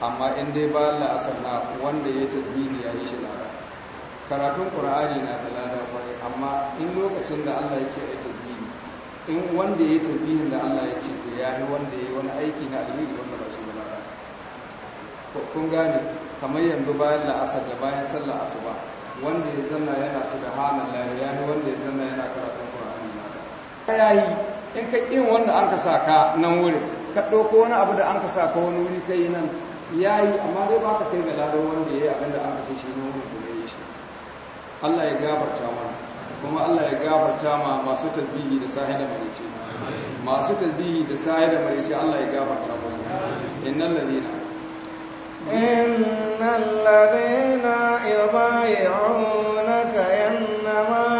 amma in dai ba Allah asanna wanda ya tasbihi ya yi shi lara karatun qur'ani na da lada kwai amma in lokacin da Allah ya ce ai tasbihi in wanda ya tasbihin da Allah ya ce to ya yi wanda ya yi wani aiki na alheri wanda ba shi ba lada kun gane kamar yanzu bayan la'asar da bayan sallar asuba wanda ya zanna yana subhanallah lariya ne wanda ya zanna yana karatun qur'ani na ta yayi in ka ƙin wanda an ka saka nan wuri ka ɗauko wani abu da an ka saka wani wuri ka yi nan yayi amma dai ba ka kai ga ladar wanda ya yi abin da an ka shi ne wani da ya yi shi Allah ya gafarta mana kuma Allah ya gafarta ma masu tasbihi da sahi da marice masu tasbihi da sahi da marice Allah ya gafarta musu innal ladina
إن الذين يبايعونك إنما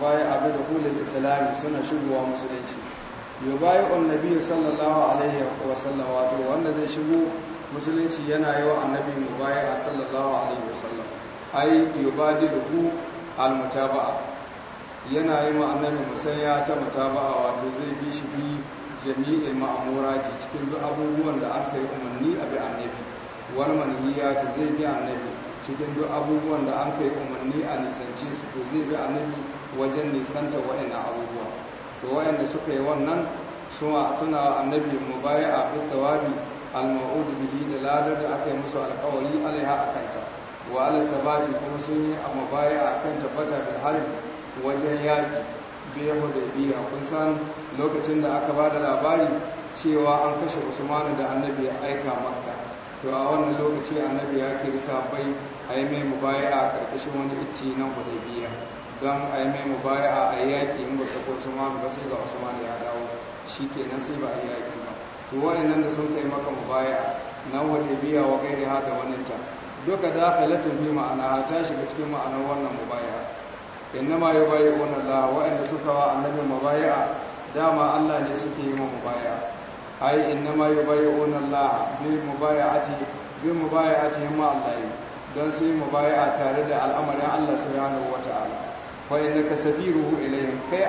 baya abin da kulin islami suna shigowa musulunci yau bayan annabi sallallahu alaihi wa sallam wato wanda zai shigo musulunci yana yi wa annabi mu baya a sallallahu alaihi wa sallam ai yau ba da ruhu almutaba'a yana yi wa annabi musayya ta mutaba'a wato zai bi shi bi jami'in ma'amurati cikin duk abubuwan da aka yi umarni a bi annabi ya ce zai bi annabi cikin duk abubuwan da an kai umarni a nisance su to zai bi annabi wajen nisanta waɗannan abubuwa to waɗanda suka yi wannan suna nabi annabi mubaya a fi al-ma'udu bihi da ladar da aka yi musu alƙawari alaiha a kanta wa ala tabati kuma sun yi a mabaya a kan tabbata da harbi wajen yaƙi biya hudaybiya kun san lokacin da aka ba da labari cewa an kashe usmanu da annabi ya aika makka to a wannan lokaci annabi ya kiri bai a yi mai mubaya a ƙarƙashin wani icci nan hudaybiya don a yi mai mubaya a yaƙi in ba su ko mamu ba sai ga Usman ya dawo shi kenan sai ba a yi yaƙi ba to nan da sun kai maka mubaya nan wanda biya wa gairi ha da ta duka da latin bi ma'ana ta shiga cikin ma'anar wannan mubaya innama yubayi'una Allah suka wa annabi mubaya dama Allah ne suke yi mubaya ai innama Allah bi mubaya'ati bi mubaya'ati ma Allah don su yi mubaya tare da al'amarin Allah subhanahu ta'ala. fa innaka satiruhu ilayhim kai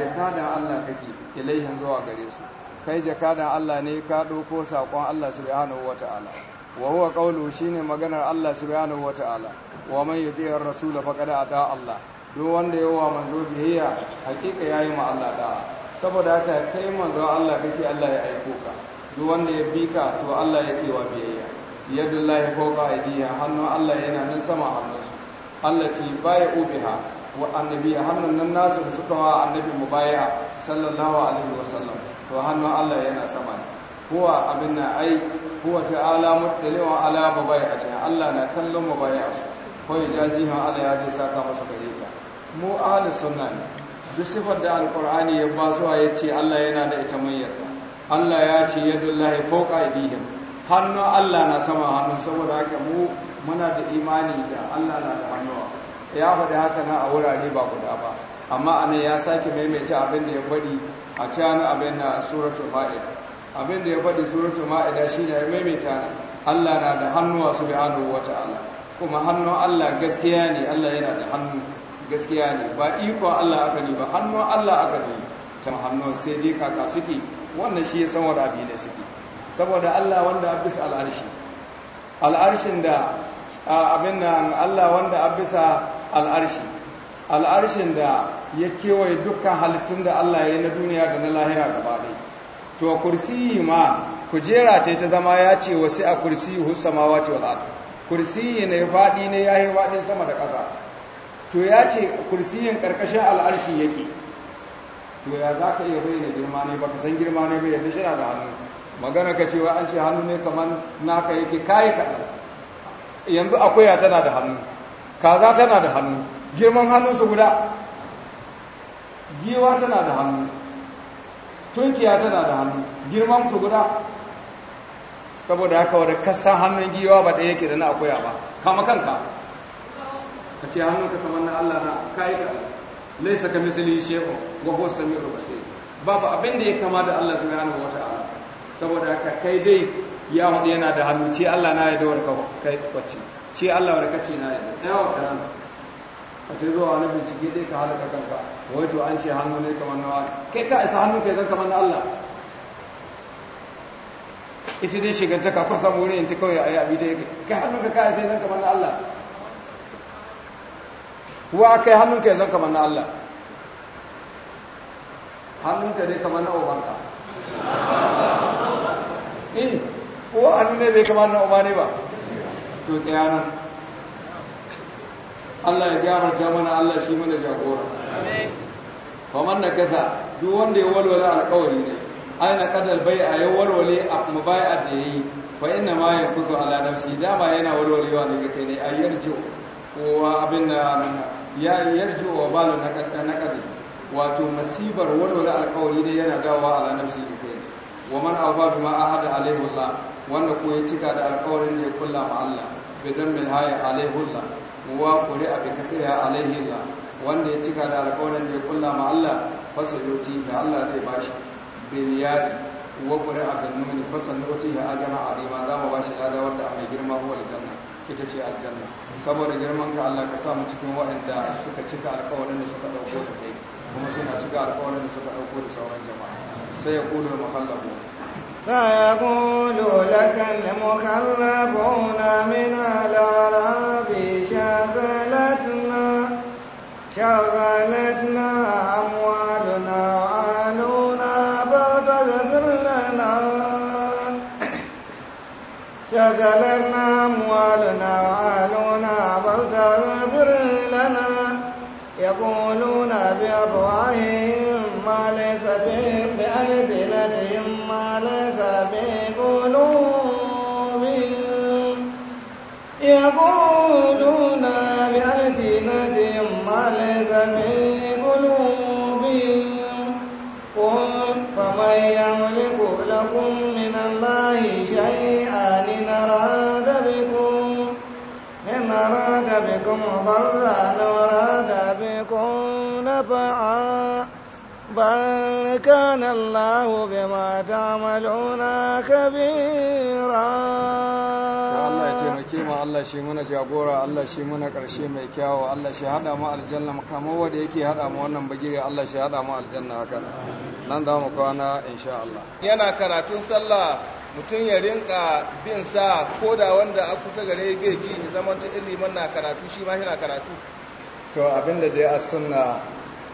Jaka da Allah kake ilayhim zuwa gare su kai jakadan Allah ne ka ɗauko saƙon Allah subhanahu wata'ala wa huwa qawlu shine maganar Allah subhanahu wata'ala wa man yuti ar-rasul faqad ata Allah duk wanda yawa manzo biyayya hakika yayi ma Allah saboda haka kai manzo Allah kake Allah ya aiko ka duk wanda ya bi ka to Allah yake wa biyayya yadullahi fawqa aydiha hannu Allah yana nan sama hannunsu allati baya ubiha wa annabi hannun nan nasu da suka wa annabi mubaya sallallahu alaihi wa sallam to hannun Allah yana sama ne huwa abin na ai huwa ta'ala muttaliwa ala cikin Allah na kallon baya su ko jazihin Allah ya zai saka masa gare ta mu ahli sunna ne duk sifar da alqur'ani ya ba ya ce Allah yana da ita mayyar Allah ya ce yadullahi fawqa idihim hannun Allah na sama hannun saboda haka mu muna da imani da Allah na da hannuwa ya faɗi haka na a wurare ba guda ba amma anan ya sake maimaita abin da ya faɗi a cikin abin na suratul ma'ida abin da ya faɗi suratul ma'ida shi ya maimaita Allah na da hannuwa wata Allah. kuma hannun Allah gaskiya ne Allah yana da hannu gaskiya ne ba ikon Allah aka ne ba hannun Allah aka ne ta hannun sai dai kaka suke wannan shi ya san wani abin da suke saboda Allah wanda abis al'arshi al'arshin da abin nan Allah wanda an bisa al'arshi al'arshin da ya kewaye dukkan halittun da Allah ya yi na duniya da na lahira gaba ɗaya to kursiyi ma kujera ce ta zama ya ce wasu a kursiyi hussamawa ce wa kursiyi ne faɗi ne ya yi faɗin sama da ƙasa to ya ce kursiyin ƙarƙashin al'arshi yake to ya za ka iya bayyana girma ne baka san girma ne bai yadda shi da hannu magana ka ce, wa an ce hannu ne kamar naka yake kayi kaɗan yanzu akwai tana da hannu kaza tana da hannu girman su guda giwa tana da hannu tunkiya tana da hannu girman su guda saboda haka wadda kasan hannun giwa ba ɗaya yake da na akwai ba kama kanka ka ce ka kamar na allah na kayi ka laisa ka misali shehu wa huwa sami'ul basir babu abin da ya kama da allah subhanahu wa ta'ala saboda haka kai dai ya hudu yana da hannu ce Allah na yadda wadda kai kwace ce Allah wadda kace na yadda tsaya wa kanan a ce zuwa wani bincike dai ka halaka kanka wai to an ce hannu ne kamar nawa kai ka isa hannu kai zan kamar na Allah ita dai shiganta ka kusa mure in ta kawai a yi abi dai kai hannu ka kai sai zan kamar na Allah wa kai hannu ka zan kamar na Allah hannun ka dai kamar na Obanka. eh ko an ne bai kamar na umarni ba to tsayanan Allah ya gafarta jamana Allah shi mana jagora man na kaza duk wanda ya walwale alƙawari ne ai na kadal bai a yau walwale a mubai'a da yi fa ina ma yanfudu ala nafsi dama yana wa daga kai ne a yarjo wa abin da ya yarjo wa balo na kadda na kadai wato masibar walwala alƙawari ne yana dawa ala nafsi da kai wa man afa bima ahada alaihi wallah wanda ko ya cika da alkawarin da ya kulla ma Allah bi min haya alaihulla wa kuri abi kasaya kasriha alaihilla wanda ya cika da alkawarin da ya kulla ma Allah fasaloti ya Allah zai bashi bi yadi wa kuri a bin nuni ya ga ajama ma za mu bashi lada wanda a mai girma ko aljanna ita ce aljanna saboda girman ka Allah ka sa mu cikin wa'anda suka cika alkawarin da suka ɗauko da kai kuma suna cika alkawarin da suka ɗauko da sauran jama'a sai ya kula mahallahu
سيقول لك المكذبون من الأعراب شغلتنا شغلتنا أموالنا وأهلنا فاغفر لنا شغلتنا أموالنا وأهلنا فاغفر لنا يقولون بأفواههم يقولون بألسنتهم ما ليس في قلوبهم قل فمن يملك لكم من الله شيئا إن أراد بكم إن أراد بكم ضرا وأراد بكم نفعا بل كان الله بما
تعملون خبيرا Allah shi muna jagora Allah shi muna karshe mai kyawo Allah shi hada mu aljanna kamar wanda yake hada mu wannan bagire Allah shi hada mu aljanna haka nan za mu kwana insha Allah
yana karatun sallah mutum ya rinka bin sa ko da wanda a kusa gare bai ji zaman ta iliman na karatu shi ma yana karatu
to abinda dai as sunna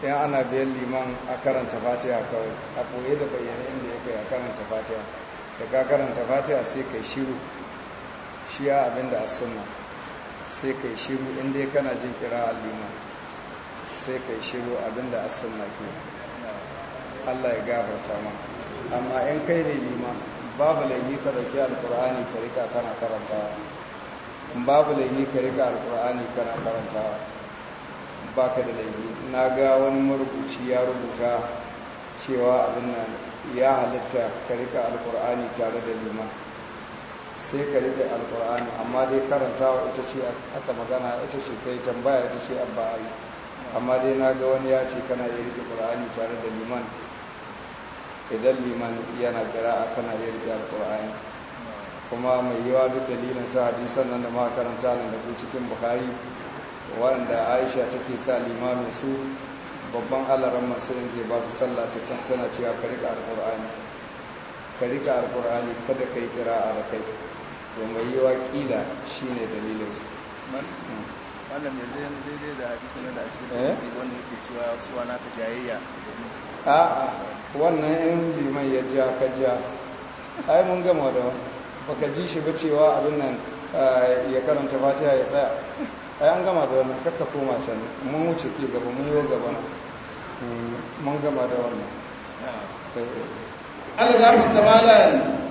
in ana biyan liman a karanta fatiha kawai a koye da bayyana inda ya kai a karanta fatiha da ka karanta fatiha sai kai shiru shi ya abin da sunna sai ka yi shiru inda ya kana jin kira liman sai ka yi shiru abin da sunna ke Allah ya gabata ma amma in kai ne liman babu laifi ka dauki alkur'ani ka rika kana karantawa babu laihi ka rika alkur'ani kana karantawa ba ka da laihi na ga wani marubuci ya rubuta cewa abin nan ya halitta ka rika alkur'ani tare da liman sai ka rike alkur'ani amma dai karantawa ita ce aka magana ita ce kai tambaya ita ce abba ayi amma dai na ga wani ya ce kana iya rike alkur'ani tare da liman idan liman yana a kana iya rike alkur'ani kuma mai yiwa duk dalilin sa hadisan nan da ma karanta nan da ku cikin bukari wanda aisha take sa limamin su babban alaran masu yin zai ba su sallah ta tantana cewa ka rika alkur'ani ka rika alkur'ani kada ka yi a da kai to mai kila shi ne dalilinsa
wannan ya zai daidai da na da da zai eh? wanda yake cewa suwa na ka jayayya
a'a wannan yan liman ya ja ka ja ai mun gama da baka ji shi ba cewa abin nan eh, ya karanta fatiha ya tsaya ai an gama da wannan kakka koma can mun wuce ke gaba mun yi gaba na hmm, mun gama da wannan eh,
algafin tamalan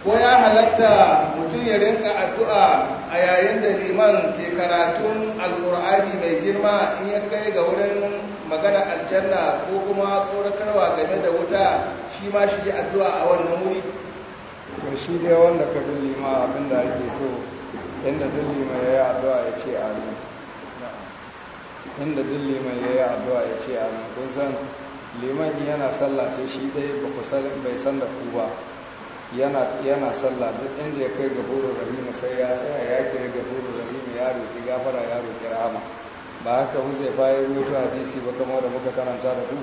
ko ya halatta mutum ya rinka addu'a a yayin da liman ke karatun alkur'ani mai girma in ya kai ga wurin magana aljanna ko kuma tsoratarwa game da wuta shi ma shi yi addu'a a wannan wuri
to shi dai wanda ka bi lima abinda ake so inda lima mai yi addu'a ya ce amin inda lima ya yi addu'a ya ce amin kun san liman yana sallace shi dai ba ku bai san da ku ba yana sallah duk inda ya kai gafurur rahim sai ya tsaya ya kira gafurur rahim ya roki gafara ya roki rahama ba haka huzai bayan rubutu hadisi ba kamar da muka karanta da ku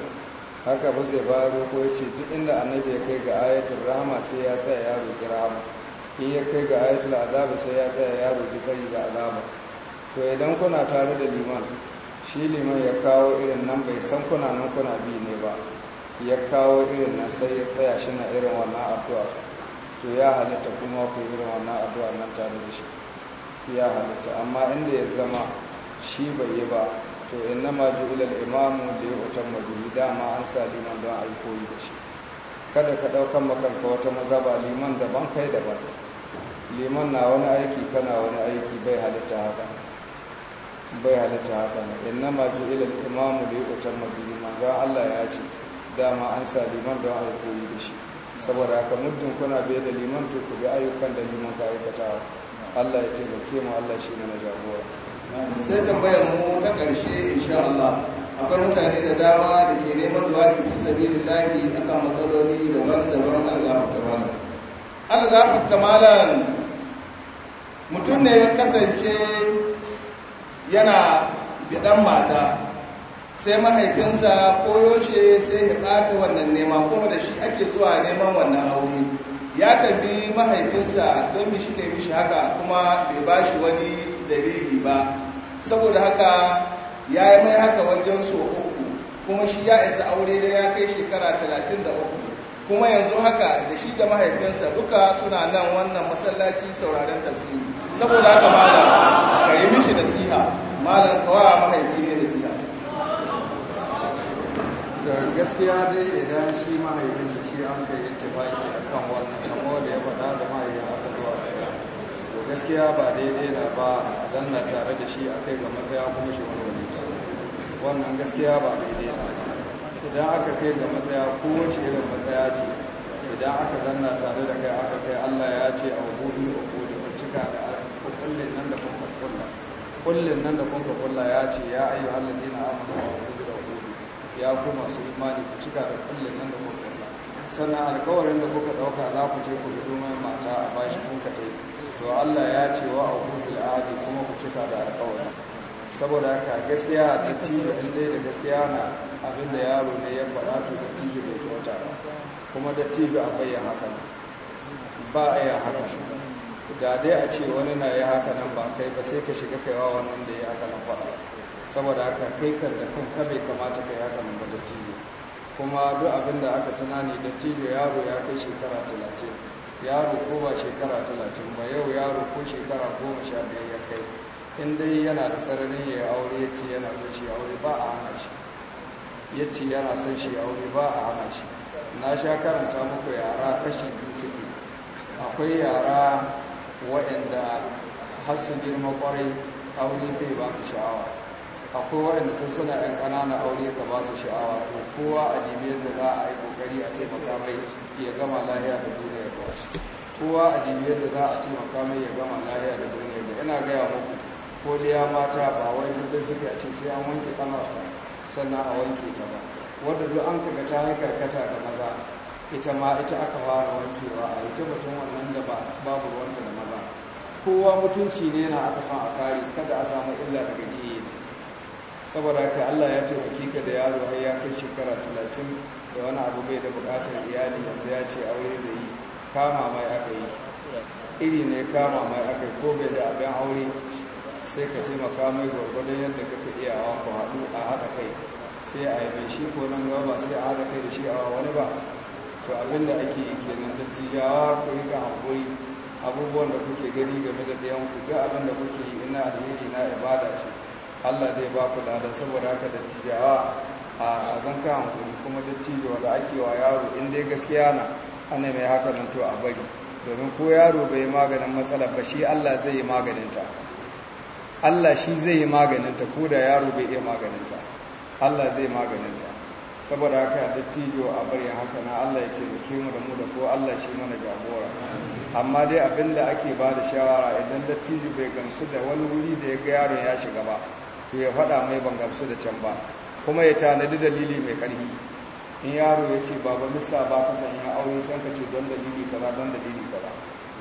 haka huzai bayan rubutu ya ce duk inda annabi ya kai ga ayatul rahama sai ya tsaya ya roki rahama in ya kai ga ayatul azaba sai ya tsaya ya roki tsari ga azaba to idan kuna tare da liman shi liman ya kawo irin nan bai san kuna nan kuna biyu ne ba ya kawo irin nan sai ya tsaya shi na irin wannan addu'a to ya halitta kuma ku yi irin wannan addu'a nan tare da shi ya halitta amma inda ya zama shi bai yi ba to in ma maji ulal imamu da ya utan mabihi dama an sa liman don ayi koyi da shi kada ka ɗaukan makanka wata mazaba liman daban kai daban liman na wani aiki kana wani aiki bai halitta haka bai halitta haka ne in na maji ulal imamu ya yutamma bihi manzan Allah ya ce dama an sa liman don alƙoyi da shi saboda haka muddin kuna biye da liman to ku bi ayyukan da liman ka aikata, Allah ya taimake mu Allah shi mana jagora sai tambayar mu ta ƙarshe insha Allah
akwai mutane da dama da ke neman du'a fi lahi, akan matsaloli da daban Allah ta malam Allah ta malam mutum ne ya kasance yana bidan mata sai mahaifinsa ce sai ya ɓata wannan nema kuma da shi ake zuwa neman wannan aure ya tabi mahaifinsa don mi mishi haka kuma bai ba shi wani dalili ba saboda haka ya yi mai haka wajen so uku kuma shi ya isa aure da ya kai shekara talatin 33 kuma yanzu haka da shi da mahaifinsa duka suna nan wannan masallaci sauraren tafsiri saboda haka malam ka yi mishi nasiha malam kawa mahaifi ne to
gaskiya dai idan shi mahaifin da shi an kai ittifaki a kan wannan kamar da ya faɗa da mahaifin aka zuwa daga to gaskiya ba daidai na ba dan na tare da shi a kai ga matsaya kuma shi wani wani wannan gaskiya ba daidai na idan aka kai ga matsaya ko kowace irin matsaya ce idan aka zanna tare da kai aka kai allah ya ce a hudu a hudu ku cika da kullin nan da kun kulla kullin nan da kun kulla ya ce ya ayyu halin dina amana wa ya ku masu imani ku cika da kullum nan da kuka sannan alkawarin da kuka ɗauka za ku je ku gudu mai mata a bashi kun ka tai to Allah ya ce wa a hukul kuma ku cika da alkawarin saboda haka gaskiya da in dai da gaskiya na abin da yaro ne ya faɗa to da bai kyauta ba kuma da tijo a bayyana haka ba a yi haka da dai a ce wani na yi haka nan ba kai ba sai ka shiga kaiwa wannan da ya haka nan faɗa saboda haka kai kan da ka bai kamata ka haka nan ba da tijo kuma duk abin da aka tunani da tijo yaro ya kai shekara talatin yaro ko ba shekara talatin ba yau yaro ko shekara goma sha biyar ya kai in dai yana da sararin ya aure ya ce yana son shi aure ba a hana shi ya ce yana son shi aure ba a hana shi na sha karanta muku yara kashi biyu suke akwai yara waɗanda har girma kwarai aure bai ba su sha'awa akwai waɗanda tun suna yan ƙanana aure ka ba su sha'awa to kowa a nemi yadda za a yi ƙoƙari a taimaka mai ya gama lahiya da duniya ba kowa a nemi yadda za a taimaka mai ya gama lahiya da duniya ba ina gaya muku ko da ya mata ba wai lallai suke a ce sai an wanke kamarta sannan a wanke ta ba wanda duk an kaga ta yi karkata ga maza ita ma ita aka fara wankewa a ita batun wannan da babu ruwanta da maza kowa mutunci ne na aka san a kare kada a samu illa daga giyi saboda haka Allah ya taimaki ka da yaro har ya kai shekara talatin da wani abu bai da bukatar iyali yanzu ya ce aure zai yi kama mai aka yi iri ne kama mai aka yi ko bai da abin aure sai ka taimaka mai gwargwadon yadda kaka iya awa ku haɗu a haɗa kai sai a yi mai shi ko nan gaba sai a haɗa kai da shi a wani ba to abin da ake yi kenan dattijawa ku yi ka haƙuri abubuwan da kuke gani game da ɗayan ku ga abin da kuke yi ina alheri na ibada ce Allah zai ba ku lada saboda haka dattijawa a zanka hankali kuma dattijo da ake wa yaro in dai gaskiya na ana mai haka nan to a bari domin ko yaro bai yi maganin matsalar ba shi Allah zai yi maganinta Allah shi zai yi maganinta ko da yaro bai iya maganinta Allah zai maganinta saboda haka dattijo a bari haka na Allah ya taimake mu da mu da ko Allah shi mana jagora amma dai abinda ake ba da shawara idan dattijo bai gamsu da wani wuri da ya ga yaron ya shiga ba to ya faɗa mai ban gamsu da can ba kuma ya tanadi dalili mai ƙarfi in yaro ya ce baba lissa ba ka sanya aure can ka ce don dalili kaza don dalili kaza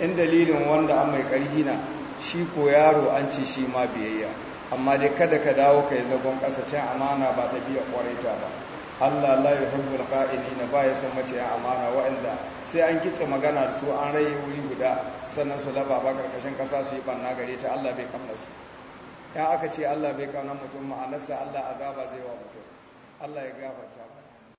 in dalilin wanda an mai ƙarfi na shi ko yaro an ce shi ma biyayya amma dai kada ka dawo ka yi zagon ƙasa can amana ba biya ƙwaraita ba Allah la yuhibbul na ba ya san mace ya amana waɗanda sai an kice magana da su an raye wuri guda sannan su laba ba karkashin ƙasa su yi banna gare ta Allah bai kamna su ya aka ce Allah bai kauna mutum ma'anarsa Allah azaba zai wa mutum Allah ya gafarta